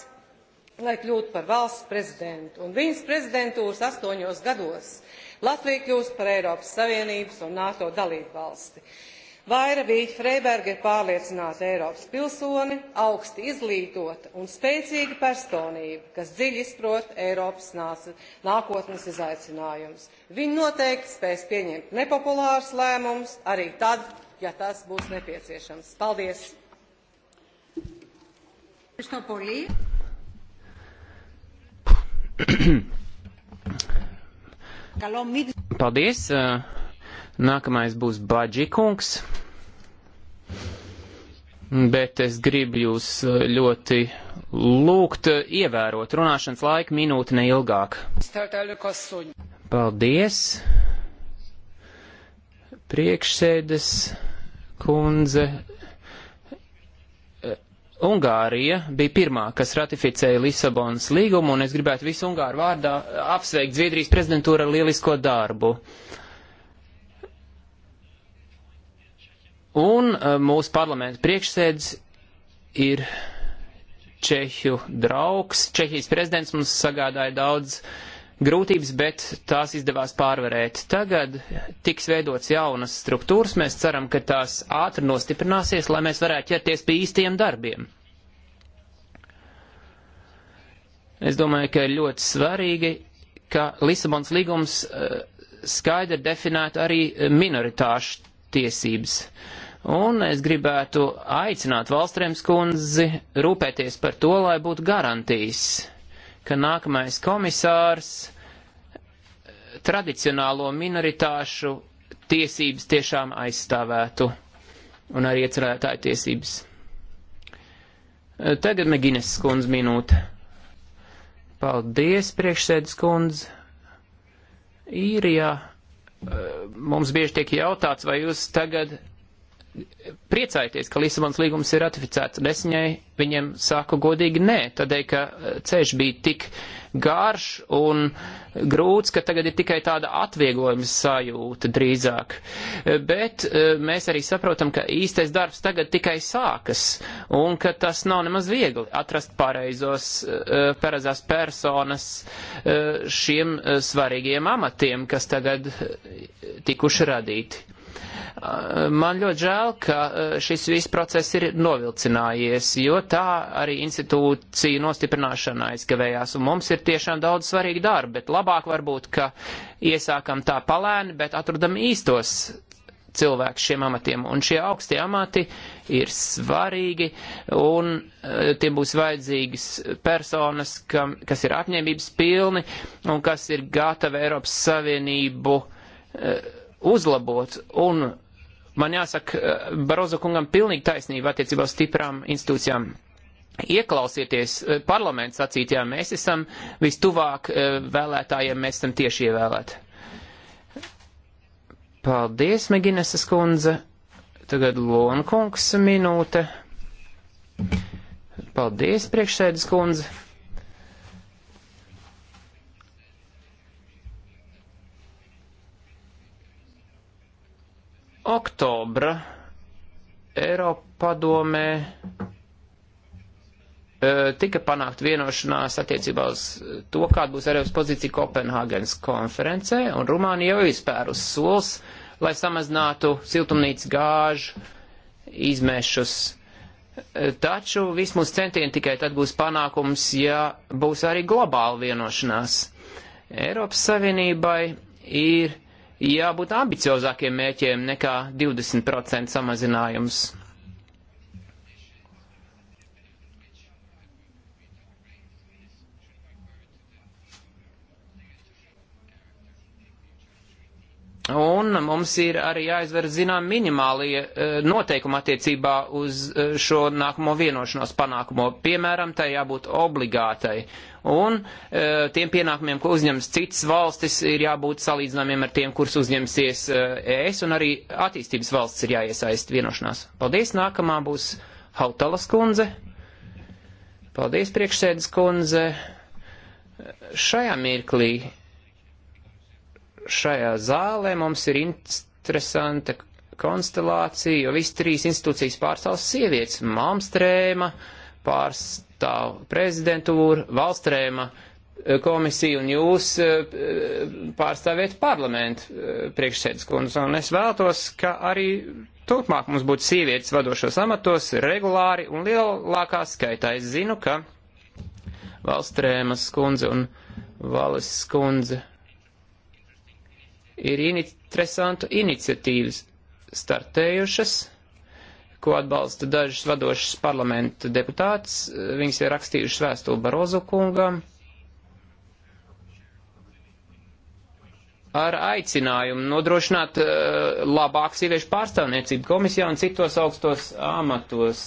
lai kļūtu par valsts prezidentu. Un viņas prezidentūras astoņos gados Latvija kļūst par Eiropas Savienības un NATO dalību valsti. Vairavīķa Freiberga ir pārliecināta Eiropas pilsoni, augsti izglītota un spēcīga personība, kas dziļi izprot Eiropas nākotnes izaicinājumus. Viņa noteikti spēs pieņemt nepopulārus lēmumus, arī tad, ja tas būs nepieciešams. Paldies! Paldies! Eh, Nākamais būs Baģikungs, bet es gribu jūs uh, ļoti lūgt uh, ievērot runāšanas laiku minūti neilgāk. Paldies! Priekšsēdes kundze. Uh, Ungārija bija pirmā, kas ratificēja Lisabonas līgumu, un es gribētu visu Ungāru vārdā apsveikt Zviedrijas prezidentūru ar lielisko darbu. Uh, Un uh, mūsu parlamenta priekšsēdis ir Čehiju draugs. Čehijas prezidents mums sagādāja daudz grūtības, bet tās izdevās pārvarēt. Tagad tiks veidots jaunas struktūras, mēs ceram, ka tās ātri nostiprināsies, lai mēs varētu ķerties pie īstiem darbiem. Es domāju, ka ir ļoti svarīgi, ka Lisabons līgums uh, skaidri definētu arī minoritāšu tiesības. Un es gribētu aicināt Valstrēms kundzi rūpēties par to, lai būtu garantijas, ka nākamais komisārs tradicionālo minoritāšu tiesības tiešām aizstāvētu un arī iecerētāju tiesības. Tagad Megines skundz minūte. Paldies, priekšsēdus kundz. Īrijā. Ja Eh, mums bieži tiek jautāts, vai jūs tagad priecājieties, ka Lisabonas līgums ir ratificēts, un es viņai, viņiem saku godīgi nē, tādēļ, ka eh, ceļš bija tik garš un grūts, ka tagad ir tikai tāda atvieglojuma sajūta drīzāk. Eh, bet eh, mēs arī saprotam, ka īstais darbs tagad tikai sākas, un ka tas nav nemaz viegli atrast pareizos, pareizās personas šiem svarīgiem amatiem, kas tagad tikuši radīti. Man ļoti žēl, ka eh, šis viss process ir novilcinājies, jo tā arī institūcija nostiprināšana aizkavējās, un mums ir tiešām daudz svarīgi darbi, bet labāk varbūt, ka iesākam tā palēni, bet atrodam īstos cilvēkus šiem amatiem, un šie augstie amati ir svarīgi, un eh, tie būs vajadzīgas personas, kam, kas ir apņēmības pilni, un kas ir gatavi Eiropas Savienību uh, uzlabots. Un man jāsaka eh, Barozo kungam pilnīgi taisnība attiecībā uz stiprām institūcijām. Ieklausieties eh, parlaments sacītajā, mēs esam vistuvāk eh, vēlētājiem, mēs esam tieši ievēlēti. Paldies, Meginesas kundze. Tagad Lonkungs minūte. Paldies, priekšsēdes kundze. oktobra Eiropadomē e, tika panākt vienošanās attiecībā uz to, kāda būs Eiropas pozīcija Kopenhāgenes konferencē, un Rumānija jau izpērus solis, lai samazinātu siltumnīcas gāžu izmešus. E, taču viss mūsu centieni tikai tad būs panākums, ja būs arī globāla vienošanās. Eiropas Savienībai ir jābūt ambiciozākiem mēķiem nekā 20% samazinājums. Un mums ir arī jāizver zinām minimālie eh, noteikumi attiecībā uz eh, šo nākamo vienošanos panākumo. Piemēram, tai jābūt obligātai. Un eh, tiem pienākumiem, ko uzņems citas valstis, ir jābūt salīdzināmiem ar tiem, kurus uzņemsies ES, un arī attīstības valsts ir jāiesaist vienošanās. Paldies, nākamā būs Hautalas kundze. Paldies, priekšsēdas kundze. Šajā mirklī šajā zālē mums ir interesanta konstelācija, jo visas trīs institūcijas pārstāv sievietes. Malmstrēma pārstāv prezidentūru, Valstrēma eh, komisiju un jūs eh, pārstāvēt parlamentu eh, priekšsēdus kundze. Un es vēltos, ka arī turpmāk mums būtu sievietes vadošos amatos regulāri un lielākā skaitā. Es zinu, ka Valstrēmas kundze un Valis kundze ir interesantu iniciatīvas startējušas, ko atbalsta dažas vadošas parlamenta deputātas. Viņas ir rakstījušas vēstuli Barozu kungam ar aicinājumu nodrošināt uh, labāku sieviešu pārstāvniecību komisijā un citos augstos amatos.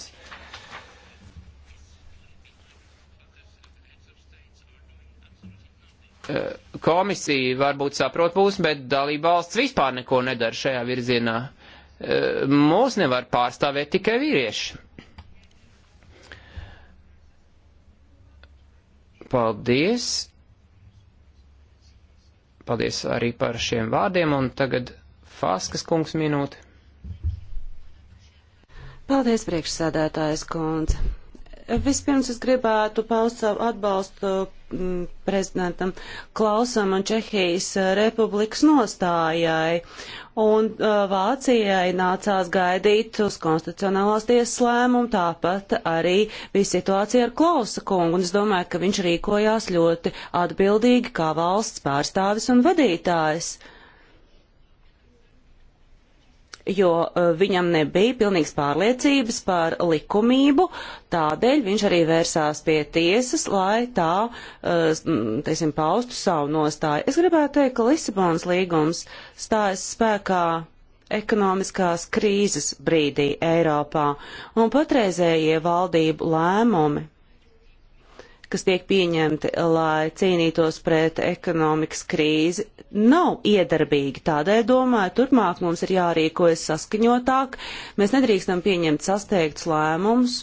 Eh, komisija varbūt saprot mūs, bet dalība valsts vispār neko nedara šajā virzienā. Eh, mūs nevar pārstāvēt tikai vīrieši. Paldies. Paldies arī par šiem vārdiem, un tagad Fāskas kungs minūte. Paldies, priekšsēdētājs kundze. Vispirms es gribētu paust savu atbalstu mm, prezidentam Klausam un Čehijas eh, republikas nostājai. Un eh, Vācijai nācās gaidīt uz konstitucionālās tiesas lēmumu, tāpat arī bija situācija ar Klausa kungu, un es domāju, ka viņš rīkojās ļoti atbildīgi kā valsts pārstāvis un vadītājs. Uh, jo eh, viņam nebija pilnīgs pārliecības par likumību, tādēļ viņš arī vērsās pie tiesas, lai tā, eh, teiksim, paustu savu nostāju. Es gribētu teikt, ka Lisabonas līgums stājas spēkā ekonomiskās krīzes brīdī Eiropā, un patreizējie valdību lēmumi kas tiek pieņemti, lai cīnītos pret ekonomikas krīzi, nav iedarbīgi. Tādēļ, domāju, turpmāk mums ir jārīkojas saskaņotāk. Mēs nedrīkstam pieņemt sasteigts lēmums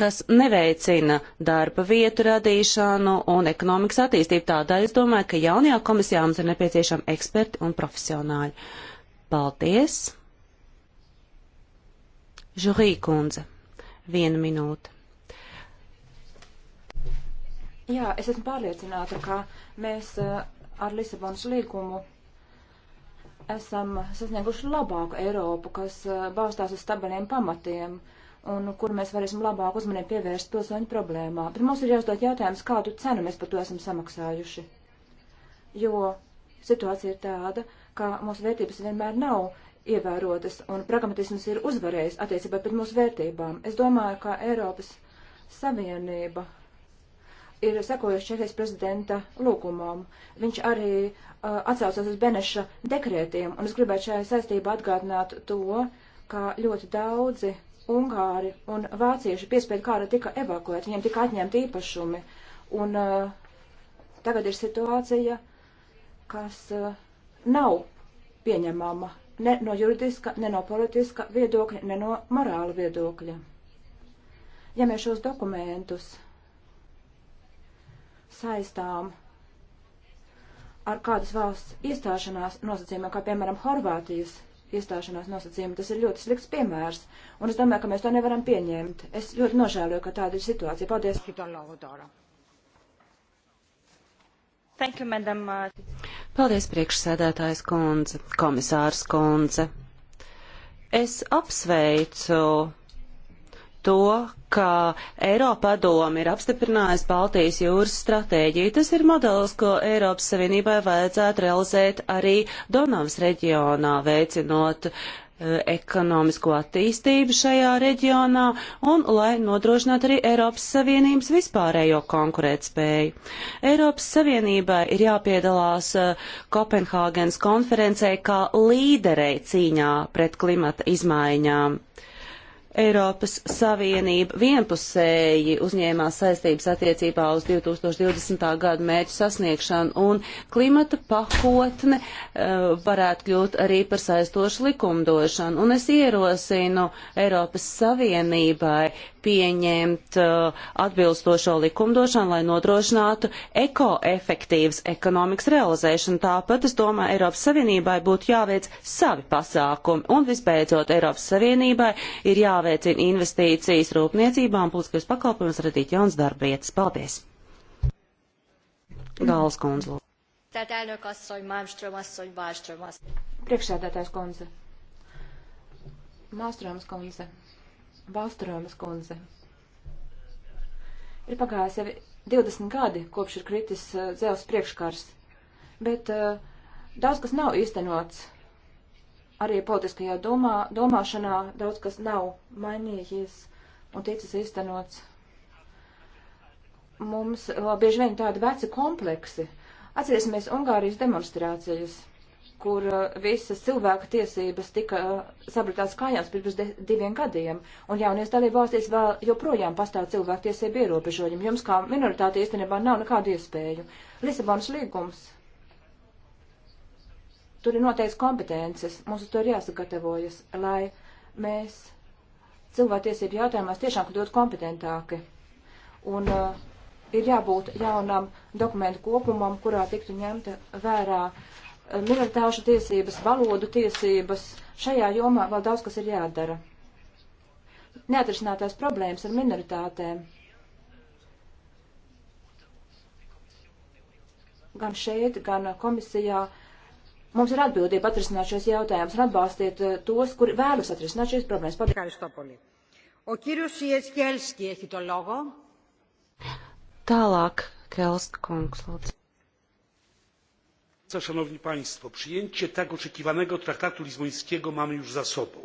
kas neveicina darba vietu radīšanu un ekonomikas attīstību. Tādēļ es domāju, ka jaunajā komisijā mums ir nepieciešami eksperti un profesionāļi. Paldies! Žurī kundze, viena minūte. Jā, es esmu pārliecināta, ka mēs eh, ar Lisabonas līgumu esam sasnieguši labāku Eiropu, kas eh, balstās uz stabiliem pamatiem un kur mēs varēsim labāk uzmanību pievērst pilsoņu problēmā. Bet mums ir jāuzdod jautājums, kādu cenu mēs par to esam samaksājuši. Jo situācija ir tāda, ka mūsu vērtības vienmēr nav ievērotas, un pragmatisms ir uzvarējis attiecībā pret mūsu vērtībām. Es domāju, ka Eiropas Savienība ir sekojuši Čehijas prezidenta lūgumam. Viņš arī uh, atsaucas uz Beneša dekrētiem, un es gribētu šajā saistībā atgādināt to, ka ļoti daudzi Ungāri un Vācieši piespiedu kāra tika evakuēti, viņiem tika atņemti īpašumi, un uh, tagad ir situācija, kas uh, nav pieņemama ne no juridiska, ne no politiska viedokļa, ne no morāla viedokļa. Ja mēs šos dokumentus saistām ar kādas valsts iestāšanās nosacījumiem, kā piemēram Horvātijas iestāšanās nosacījumi. Tas ir ļoti slikts piemērs, un es domāju, ka mēs to nevaram pieņemt. Es ļoti nožēloju, ka tāda ir situācija. Paldies! Thank you, madam. Uh, Paldies, priekšsēdētājs kundze, komisārs kundze. Es apsveicu to, ka Eiropa doma ir apstiprinājusi Baltijas jūras stratēģiju. Tas ir modelis, ko Eiropas Savienībai vajadzētu realizēt arī Donavas reģionā, veicinot uh, ekonomisko attīstību šajā reģionā un lai nodrošinātu arī Eiropas Savienības vispārējo konkurētspēju. Eiropas Savienībai ir jāpiedalās eh, Kopenhāgenes konferencē kā līderei cīņā pret klimata izmaiņām. Eiropas Savienība vienpusēji uzņēmās saistības attiecībā uz 2020. gadu mērķu sasniegšanu un klimata pakotne uh, varētu kļūt arī par saistošu likumdošanu. Un es ierosinu Eiropas Savienībai pieņemt uh, atbilstošo likumdošanu, lai nodrošinātu ekoefektīvas ekonomikas realizēšanu. Tāpat, es domāju, Eiropas Savienībai būtu jāveic savi pasākumi. Un visbeidzot, Eiropas Savienībai ir jāveicina investīcijas rūpniecībām, publiskajos pakalpojumus radīt jauns darbvietas. Paldies! Gāles kundze. Tātad elnök asszony, Malmström asszony, Malmström asszony. Priekšsēdētājs kundze. Malmströms kundze. Valsturomas kundze. Ir pagājis jau 20 gadi, kopš ir kritis uh, eh, dzēles priekškars, bet uh, daudz kas nav īstenots. Arī politiskajā domā, domāšanā daudz kas nav mainījies un ticis īstenots. Mums uh, bieži vien tādi veci kompleksi. Atcerēsimies Ungārijas demonstrācijas kur uh, visas cilvēku tiesības tika uh, sabritās kājās pirms diviem gadiem, un jaunies dalība valstīs vēl joprojām pastāv cilvēku tiesību ierobežojumi. Jums kā minoritāte īstenībā nav nekādu iespēju. Lisabonas līgums. Tur ir noteikts kompetences, mums uz to ir jāsagatavojas, lai mēs cilvēktiesību jautājumās tiešām kļūtu kompetentāki. Un uh, ir jābūt jaunam dokumentu kopumam, kurā tiktu ņemta vērā uh, minoritāšu tiesības, valodu tiesības. Šajā jomā vēl daudz kas ir jādara. Neatrisinātās problēmas ar minoritātēm. Gan šeit, gan komisijā. Mums ir atbildība atrisināt šos jautājumus un atbalstīt eh, tos, kuri vēlas atrisināt šīs problēmas. Paldies. Tālāk, Kelska kungs, lūdzu przyjęcie tak oczekiwanego traktatu lizbońskiego mamy już za sobą.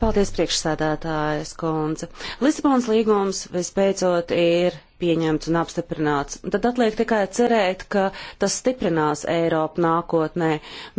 Paldies, priekšsēdētājas kundze. Lisabonas līgums vispēcot ir pieņemts un apstiprināts. Un tad atliek tikai cerēt, ka tas stiprinās Eiropu nākotnē,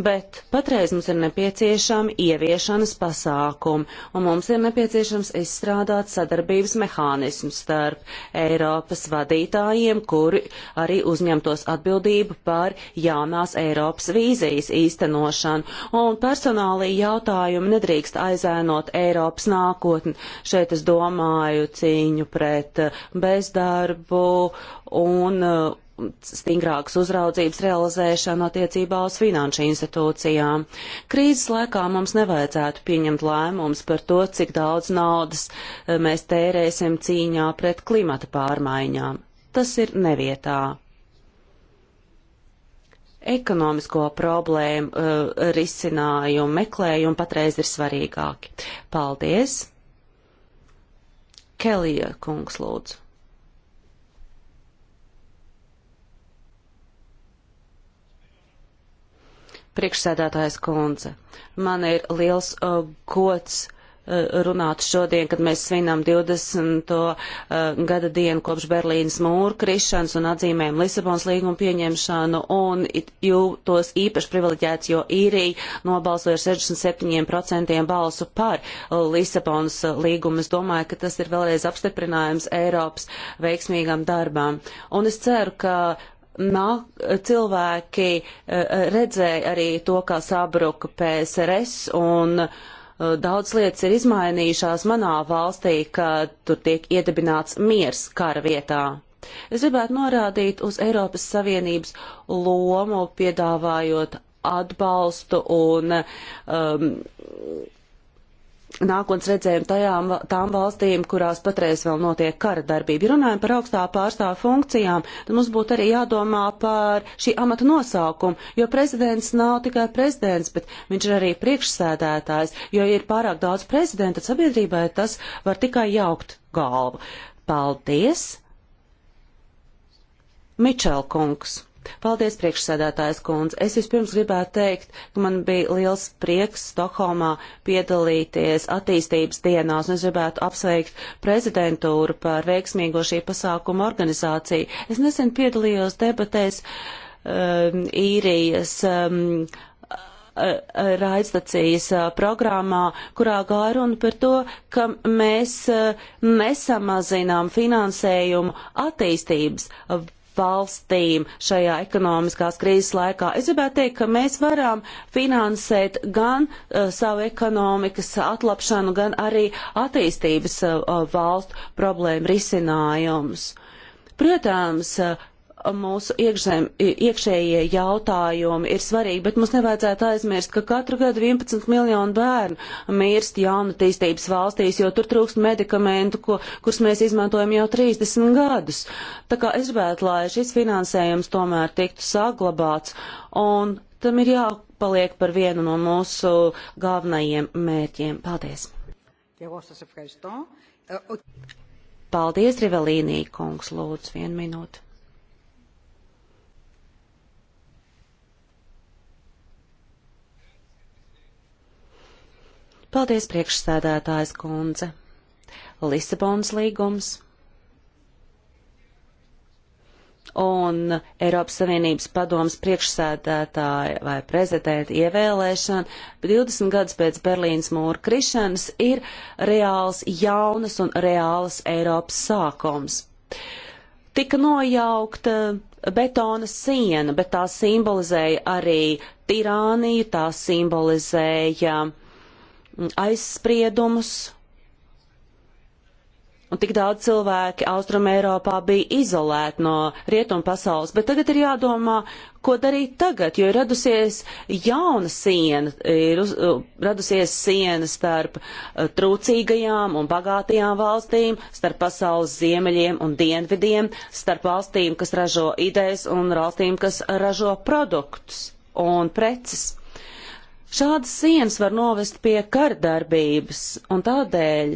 bet patreiz mums ir nepieciešami ieviešanas pasākumi, un mums ir nepieciešams izstrādāt sadarbības mehānismu starp Eiropas vadītājiem, kuri arī uzņemtos atbildību par jaunās Eiropas vīzijas īstenošanu. Un personālī jautājumi nedrīkst aizēnot Eiropas nākotni. Šeit es domāju cīņu pret eh, bezdarbu darbu un uh, stingrākas uzraudzības realizēšanu attiecībā uz finanšu institūcijām. Krīzes laikā mums nevajadzētu pieņemt lēmums par to, cik daudz naudas uh, mēs tērēsim cīņā pret klimata pārmaiņām. Tas ir nevietā ekonomisko problēmu uh, risinājumu meklējumu patreiz ir svarīgāki. Paldies! Kelija kungs lūdzu. priekšsēdētājs kundze. Man ir liels uh, gods uh, runāt šodien, kad mēs svinam 20. Uh, gada dienu kopš Berlīnas mūra krišanas un atzīmējam Lisabonas līgumu pieņemšanu un jūtos īpaši privileģēts, jo īrija nobalsoja ar 67% balsu par Lisabonas līgumu. Es domāju, ka tas ir vēlreiz apstiprinājums Eiropas veiksmīgam darbām. Un es ceru, ka nāk, cilvēki eh, redzēja arī to, kā sabruka PSRS un eh, daudz lietas ir izmainījušās manā valstī, kad tur tiek iedibināts miers kara vietā. Es gribētu norādīt uz Eiropas Savienības lomu, piedāvājot atbalstu un um, nākotnes redzējumu tajām, tām valstīm, kurās patreiz vēl notiek kara darbība. Ja runājam par augstā pārstāvu funkcijām, tad mums būtu arī jādomā par šī amata nosaukumu, jo prezidents nav tikai prezidents, bet viņš ir arī priekšsēdētājs, jo ir pārāk daudz prezidenta sabiedrībai, tas var tikai jaukt galvu. Paldies! Mičel kungs! Paldies, priekšsēdētājs kundze. Es vispirms gribētu teikt, ka man bija liels prieks Stokholmā piedalīties attīstības dienās, un es gribētu apsveikt prezidentūru par veiksmīgo šī pasākuma organizāciju. Es nesen piedalījos debatēs um, īrijas. Um, raidstacijas programmā, kurā gāja runa par to, ka mēs nesamazinām finansējumu attīstības valstīm šajā ekonomiskās krīzes laikā. Es gribētu teikt, ka mēs varam finansēt gan uh, savu ekonomikas atlapšanu, gan arī attīstības uh, valstu problēmu risinājumus. Protams, uh, mūsu iekšzem, iekšējie jautājumi ir svarīgi, bet mums nevajadzētu aizmirst, ka katru gadu 11 miljonu bērnu mirst jaunatīstības valstīs, jo tur trūkst medikamentu, ko, kurus mēs izmantojam jau 30 gadus. Tā kā es gribētu, lai šis finansējums tomēr tiktu saglabāts, un tam ir jāpaliek par vienu no mūsu galvenajiem mērķiem. Paldies! Paldies, Rivelīnī, kungs, lūdzu, vienu minūti. Paldies, priekšsēdētājs kundze. Lisabonas līgums un Eiropas Savienības padomas priekšsēdētāja vai prezidenta ievēlēšana 20 gadus pēc Berlīnas mūra krišanas ir reāls jaunas un reāls Eiropas sākums. Tika nojaukta betona siena, bet tā simbolizēja arī tirāniju, tā simbolizēja uh, aizspriedumus. Un tik daudz cilvēki Austrum Eiropā bija izolēti no rietumu pasaules, bet tagad ir jādomā, ko darīt tagad, jo ir radusies jauna siena, ir uz, uh, radusies siena starp uh, trūcīgajām un bagātajām valstīm, starp pasaules ziemeļiem un dienvidiem, starp valstīm, kas ražo idejas un valstīm, kas ražo produktus un preces. Šādas sienas var novest pie kardarbības, un tādēļ,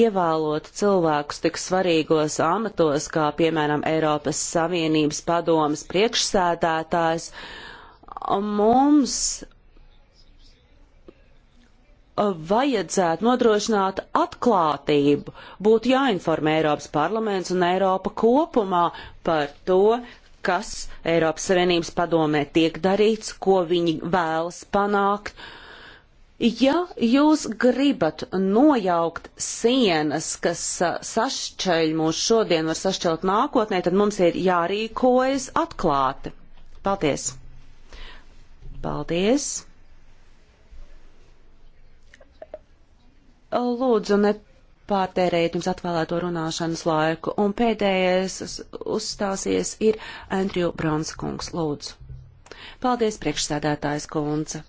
ievēlot cilvēkus tik svarīgos amatos, kā piemēram Eiropas Savienības padomas priekšsēdētājs, mums vajadzētu nodrošināt atklātību, būtu jāinformē Eiropas parlaments un Eiropa kopumā par to, kas Eiropas Savienības padomē tiek darīts, ko viņi vēlas panākt. Ja jūs gribat nojaukt sienas, kas sašķeļ mūs šodien, var sašķelt nākotnē, tad mums ir jārīkojas atklāti. Paldies! Paldies! Lūdzu, ne pārtērējat jums atvēlēto runāšanas laiku. Un pēdējais uzstāsies ir Andriju Bronskungs. Lūdzu. Paldies, priekšsēdētājs Kunze.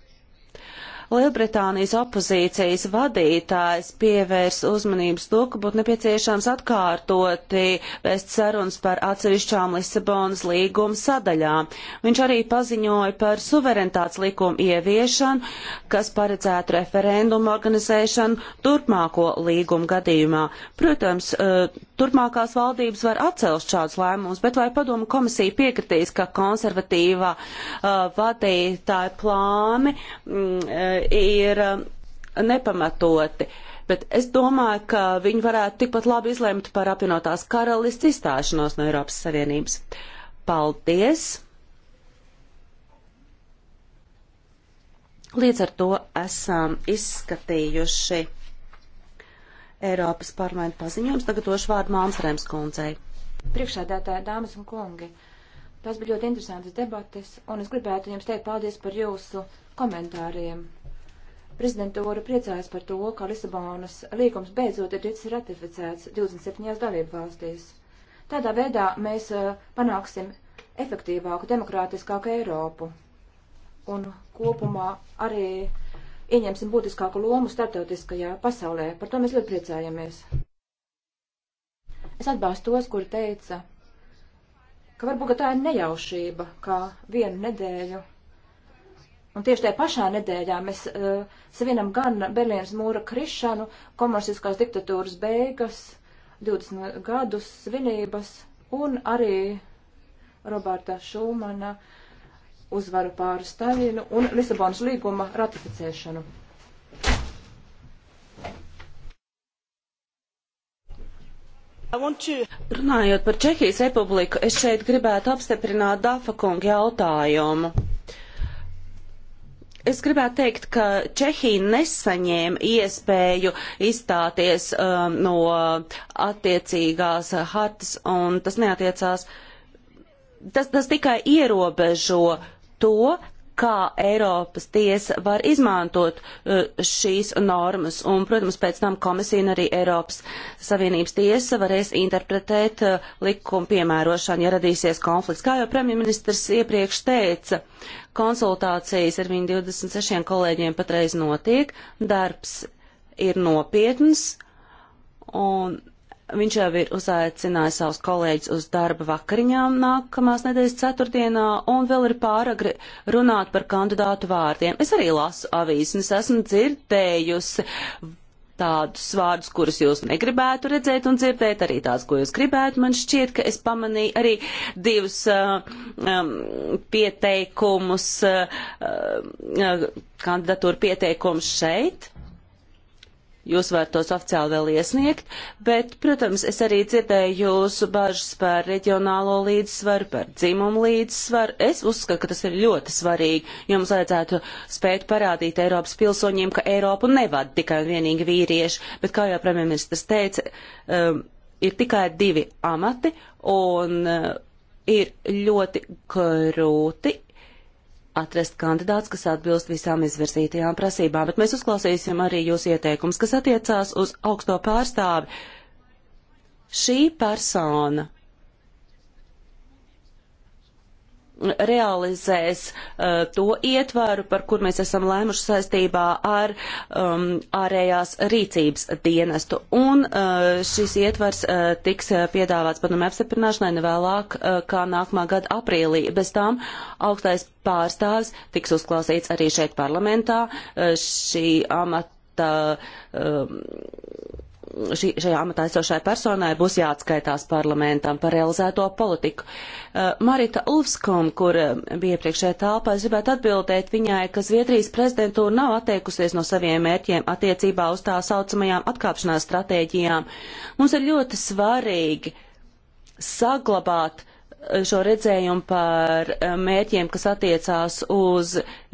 Lielbritānijas opozīcijas vadītājs pievērs uzmanības to, ka būtu nepieciešams atkārtoti vēst sarunas par atsevišķām Lisabonas līguma sadaļām. Viņš arī paziņoja par suverenitātes likumu ieviešanu, kas paredzētu referendumu organizēšanu turpmāko līgumu gadījumā. Protams, eh, turpmākās valdības var atcelst šādus lēmumus, bet vai padomu komisija piekritīs, ka konservatīvā uh, vadītāja plāni mm, uh, ir uh, nepamatoti? Bet es domāju, ka viņi varētu tikpat labi izlemt par apvienotās karalists izstāšanos no Eiropas Savienības. Paldies! Līdz ar to esam izskatījuši Eiropas parlamenta paziņojums. Tagad došu vārdu Māms Rems kundzei. Priekšsēdētāji, dāmas un kungi, tās bija ļoti interesantas debates, un es gribētu jums teikt paldies par jūsu komentāriem. Prezidentūra priecājas par to, ka Lisabonas līgums beidzot ir ticis ratificēts 27. dalību valstīs. Tādā veidā mēs eh, panāksim efektīvāku, demokrātiskāku Eiropu un kopumā arī ieņemsim būtiskāku lomu starptautiskajā pasaulē. Par to mēs ļoti priecājamies. Es atbalstu tos, kuri teica, ka varbūt ka tā ir nejaušība, kā vienu nedēļu. Un tieši tajā pašā nedēļā mēs uh, savienam gan Berlīnas mūra krišanu, komunistiskās diktatūras beigas, 20 gadus svinības un arī Roberta Šūmana uh, uzvaru pāri Stalinu un Lisabonas līguma ratificēšanu. Runājot par Čehijas republiku, es šeit gribētu apstiprināt Dafa kunga jautājumu. Es gribētu teikt, ka Čehija nesaņēma iespēju izstāties um, no attiecīgās hartas, un tas neatiecās, tas, tas tikai ierobežo to, kā Eiropas tiesa var izmantot uh, šīs normas. Un, protams, pēc tam komisija un arī Eiropas Savienības tiesa varēs interpretēt uh, likumu piemērošanu, ja radīsies konflikts. Kā jau premjerministrs iepriekš teica, konsultācijas ar viņu 26 kolēģiem patreiz notiek, darbs ir nopietns. Un Viņš jau ir uzaicinājis savus kolēģus uz darba vakariņām nākamās nedēļas ceturtdienā, un vēl ir pāragri runāt par kandidātu vārdiem. Es arī lasu avīzes, un es esmu dzirdējusi tādus vārdus, kurus jūs negribētu redzēt un dzirdēt, arī tādus, ko jūs gribētu. Man šķiet, ka es pamanīju arī divus uh, um, pieteikumus, uh, uh, kandidatūru pieteikumus šeit jūs varat tos oficiāli vēl iesniegt, bet, protams, es arī dzirdēju jūsu bažas par reģionālo līdzsvaru, par dzimumu līdzsvaru. Es uzskatu, ka tas ir ļoti svarīgi, jo mums vajadzētu spēt parādīt Eiropas pilsoņiem, ka Eiropu nevad tikai un vienīgi vīrieši, bet, kā jau premjerministrs teica, um, ir tikai divi amati un uh, ir ļoti grūti atrast kandidāts, kas atbilst visām izvirzītajām prasībām, bet mēs uzklausīsim arī jūs ieteikums, kas attiecās uz augsto pārstāvi. Šī persona realizēs uh, to ietvaru, par kur mēs esam lēmuši saistībā ar um, ārējās rīcības dienestu. Un uh, šis ietvars uh, tiks uh, piedāvāts padomē apstiprināšanai nevēlāk uh, kā nākamā gada aprīlī. Bez tām augstais pārstāvs tiks uzklausīts arī šeit parlamentā. Uh, šī amata. Uh, šī, šajā amatā esošai personai būs jāatskaitās parlamentam par realizēto politiku. Eh, Marita Ulfskom, kur eh, bija iepriekšējā telpā, es gribētu atbildēt viņai, ka Zviedrijas prezidentūra nav atteikusies no saviem mērķiem attiecībā uz tā saucamajām atkāpšanās stratēģijām. Mums ir ļoti svarīgi saglabāt šo redzējumu par eh, mērķiem, kas attiecās uz,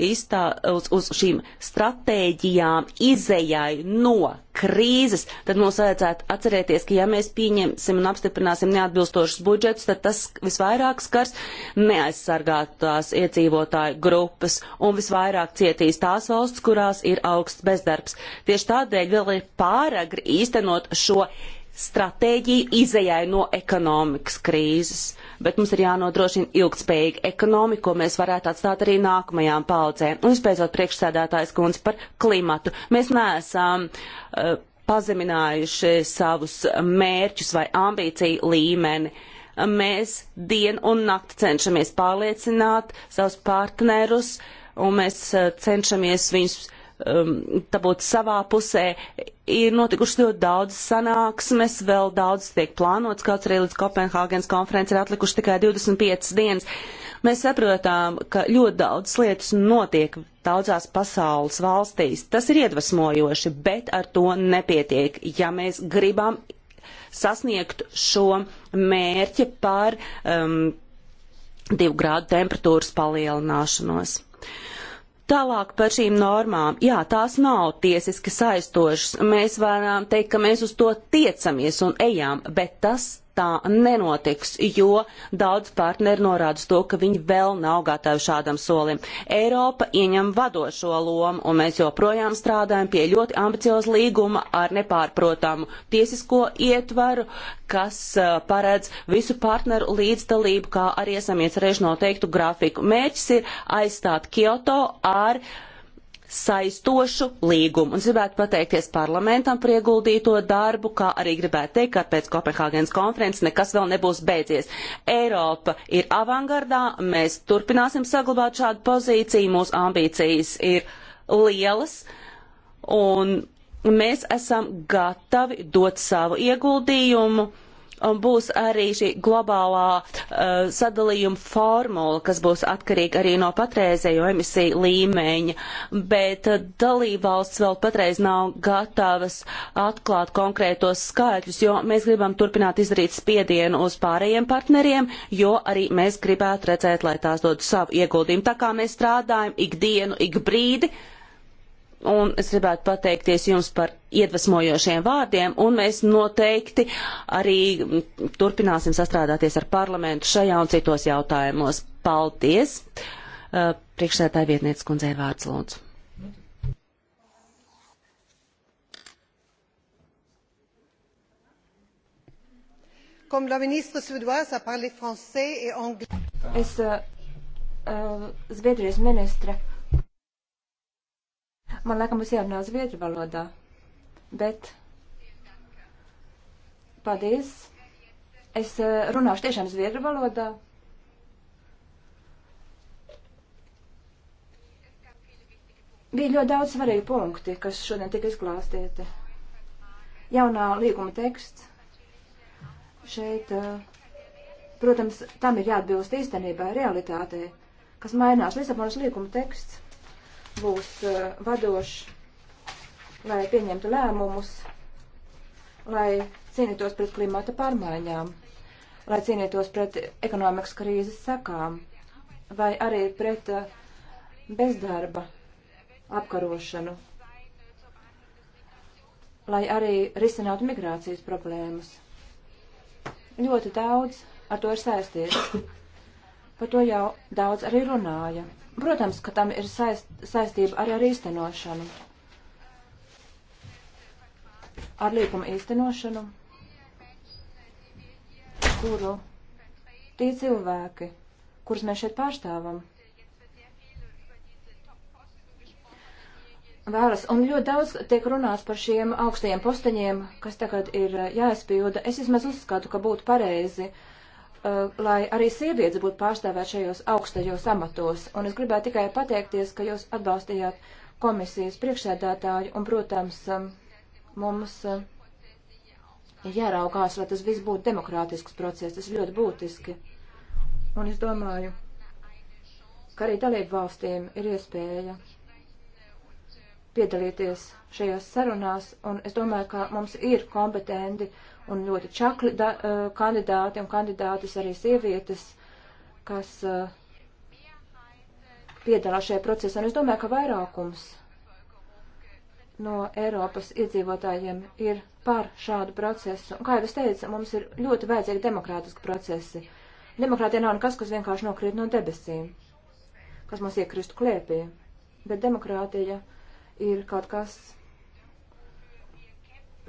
istā, uz, uz šīm stratēģijām izējai no krīzes, tad mums vajadzētu atcerēties, ka ja mēs pieņemsim un apstiprināsim neatbilstošus budžetus, tad tas visvairāk skars neaizsargātās iedzīvotāju grupas un visvairāk cietīs tās valsts, kurās ir augsts bezdarbs. Tieši tādēļ vēl ir pāragri īstenot šo stratēģiju izējai no ekonomikas krīzes. Uh, bet mums ir jānodrošina ilgspējīga ekonomika, ko mēs varētu atstāt arī nākamajām paudzēm. Un visbeidzot, priekšsēdētājs kundze par klimatu. Mēs neesam uh, pazeminājuši savus mērķus vai ambīciju līmeni. Mēs dienu un nakti cenšamies pārliecināt savus partnerus, un mēs uh, cenšamies viņus um, tā būtu savā pusē. Ir notikušas ļoti daudz sanāksmes, vēl daudz tiek plānots, kaut arī līdz Kopenhāgenes konferences ir atlikuši tikai 25 dienas. Mēs saprotam, ka ļoti daudz lietas notiek daudzās pasaules valstīs. Tas ir iedvesmojoši, bet ar to nepietiek, ja mēs gribam sasniegt šo mērķi par um, divu grādu temperatūras palielināšanos. Uh, Tālāk par šīm normām. Jā, tās nav tiesiski saistošas. Mēs varam teikt, ka mēs uz to tiecamies un ejam, bet tas tā nenotiks, jo daudz partneri norāda to, ka viņi vēl nav gatavi šādam solim. Eiropa ieņem vadošo lomu, un mēs joprojām strādājam pie ļoti ambicioza līguma ar nepārprotamu tiesisko ietvaru, kas uh, paredz visu partneru līdzdalību, kā arī esam iecerējuši noteiktu grafiku. Mērķis ir aizstāt Kyoto ar uh, saistošu līgumu. Un es gribētu pateikties parlamentam par ieguldīto darbu, kā arī gribētu teikt, ka pēc Kopenhāgenes konferences nekas vēl nebūs beidzies. Eiropa ir avangardā, mēs turpināsim saglabāt šādu pozīciju, mūsu ambīcijas ir lielas. Un mēs esam gatavi dot savu ieguldījumu un būs arī šī globālā uh, sadalījuma formula, kas būs atkarīga arī no patreizējo emisiju līmeņa, bet uh, dalībvalsts vēl patreiz nav gatavas atklāt konkrētos skaitļus, jo mēs gribam turpināt izdarīt spiedienu uz pārējiem partneriem, jo arī mēs gribētu redzēt, lai tās dod savu ieguldījumu. Tā kā mēs strādājam ikdienu, ik brīdi, uh, un es gribētu pateikties jums par iedvesmojošiem vārdiem, un mēs noteikti arī turpināsim sastrādāties ar parlamentu šajā un citos jautājumos. Paldies! Uh, Priekšsētāja vietniece kundzei vārds lūdzu. Comme la ministre suédoise a parlé français et anglais. Es, uh, uh Zviedrijas ministre uh, Man laikam būs jārunā zviedru valodā, bet paldies. Es eh, runāšu tiešām zviedru valodā. Bija ļoti daudz svarīgi punkti, kas šodien tika izklāstīti. Jaunā līguma teksts. Šeit, eh, protams, tam ir jāatbilst īstenībā, realitātei, kas mainās Lisabonas līguma teksts būs uh, vadošs, lai pieņemtu lēmumus, lai cīnītos pret klimata pārmaiņām, lai cīnītos pret ekonomikas krīzes sekām vai arī pret uh, bezdarba apkarošanu, lai arī risinātu migrācijas problēmas. Ļoti daudz ar to ir saistīts. Par to jau daudz arī runāja. Protams, ka tam ir saist, saistība arī ar īstenošanu. Ar līkumu īstenošanu, kuru tie cilvēki, kurus mēs šeit pārstāvam, vēlas. Un ļoti daudz tiek runāts par šiem augstajiem posteņiem, kas tagad ir jāizpilda. Es vismaz uzskatu, ka būtu pareizi uh, Uh, lai arī sievietes būtu pārstāvēt šajos augstajos amatos. Un es gribētu tikai pateikties, ka jūs atbalstījāt komisijas priekšsēdētāju un, protams, um, mums uh, jāraugās, lai tas viss būtu demokrātisks process. Tas ir ļoti būtiski. Un es domāju, ka arī dalību valstīm ir iespēja piedalīties šajās sarunās, un es domāju, ka mums ir kompetenti un ļoti čakli da, kandidāti un kandidātas arī sievietes, kas piedalās šajā procesā. Un es domāju, ka vairākums no Eiropas iedzīvotājiem ir par šādu procesu. Un, kā jau es teicu, mums ir ļoti vajadzīgi demokrātiski procesi. Demokrātija nav nekas, kas vienkārši nokrīt no debesīm, kas mums iekristu klēpī. Bet demokrātija ir kaut kas,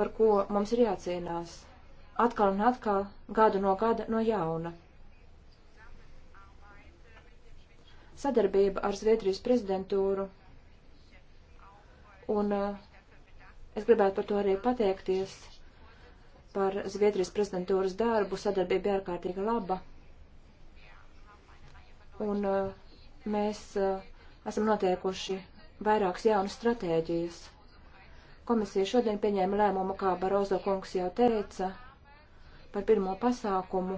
par ko mums ir jācīnās atkal un atkal, gadu no gada no jauna. Sadarbība ar Zviedrijas prezidentūru, un eh, es gribētu par to arī pateikties, par Zviedrijas prezidentūras darbu, sadarbība ārkārtīgi laba, un eh, mēs eh, esam noteikuši vairākas jaunas stratēģijas. Komisija šodien pieņēma lēmumu, kā Barozo kungs jau teica, par pirmo pasākumu,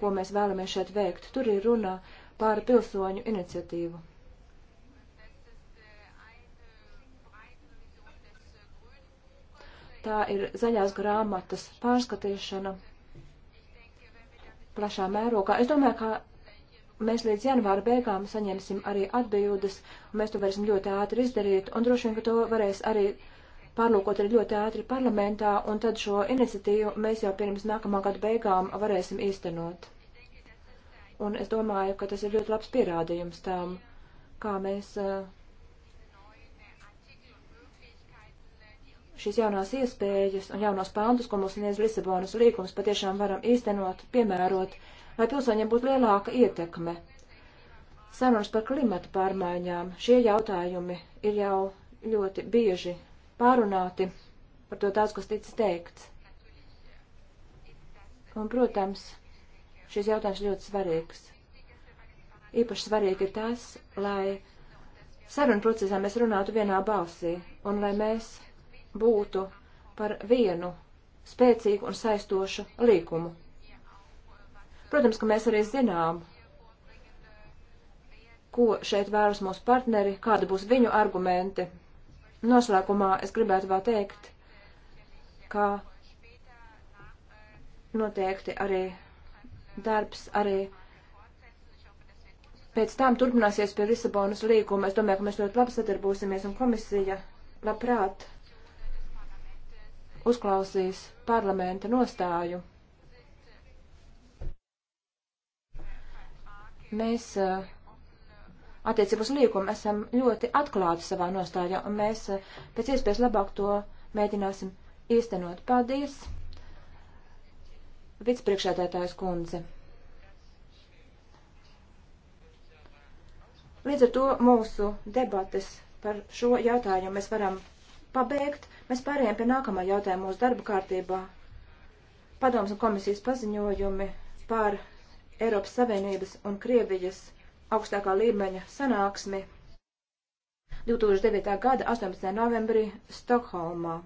ko mēs vēlamies šeit veikt. Tur ir runa par pilsoņu iniciatīvu. Tā ir zaļās grāmatas pārskatīšana plašā mērogā. Es domāju, ka mēs līdz janvāra beigām saņemsim arī atbildes, un mēs to varēsim ļoti ātri izdarīt, un droši vien, ka to varēs arī uh, pārlūkot arī ļoti ātri parlamentā, un tad šo iniciatīvu mēs jau pirms nākamā gada beigām varēsim īstenot. Un es domāju, ka tas ir ļoti labs pierādījums tam, kā mēs eh, šīs jaunās iespējas un jaunos pāntus, ko mums sniedz Lisabonas līgums, patiešām varam īstenot, piemērot, lai pilsoņiem būtu lielāka ietekme. Sarunas par klimatu pārmaiņām, šie jautājumi ir jau ļoti bieži pārunāti par to daudz, kas ticis teikts. Un, protams, šis jautājums ļoti svarīgs. Īpaši svarīgi ir tas, lai sarunu procesā mēs runātu vienā balsī un lai mēs būtu par vienu spēcīgu un saistošu līkumu. Protams, ka mēs arī zinām, ko šeit vēlas mūsu partneri, kāda būs viņu argumenti, Noslēgumā es gribētu vēl teikt, ka noteikti arī darbs arī pēc tam turpināsies pie Lisabonas līguma. Es domāju, ka mēs ļoti labi sadarbosimies un komisija labprāt uzklausīs parlamenta nostāju. Mēs uh, attiecību uz līgumu esam ļoti atklāti savā nostājā, un mēs eh, pēc iespējas labāk to mēģināsim īstenot. Paldies, vicepriekšētētājs kundze. Līdz ar to mūsu debates par šo jautājumu mēs varam pabeigt. Mēs pārējām pie nākamā jautājuma mūsu darba kārtībā. Padoms un komisijas paziņojumi par Eiropas Savienības un Krievijas augstākā līmeņa sanāksmi 2009. gada 18. novembrī Stokholmā.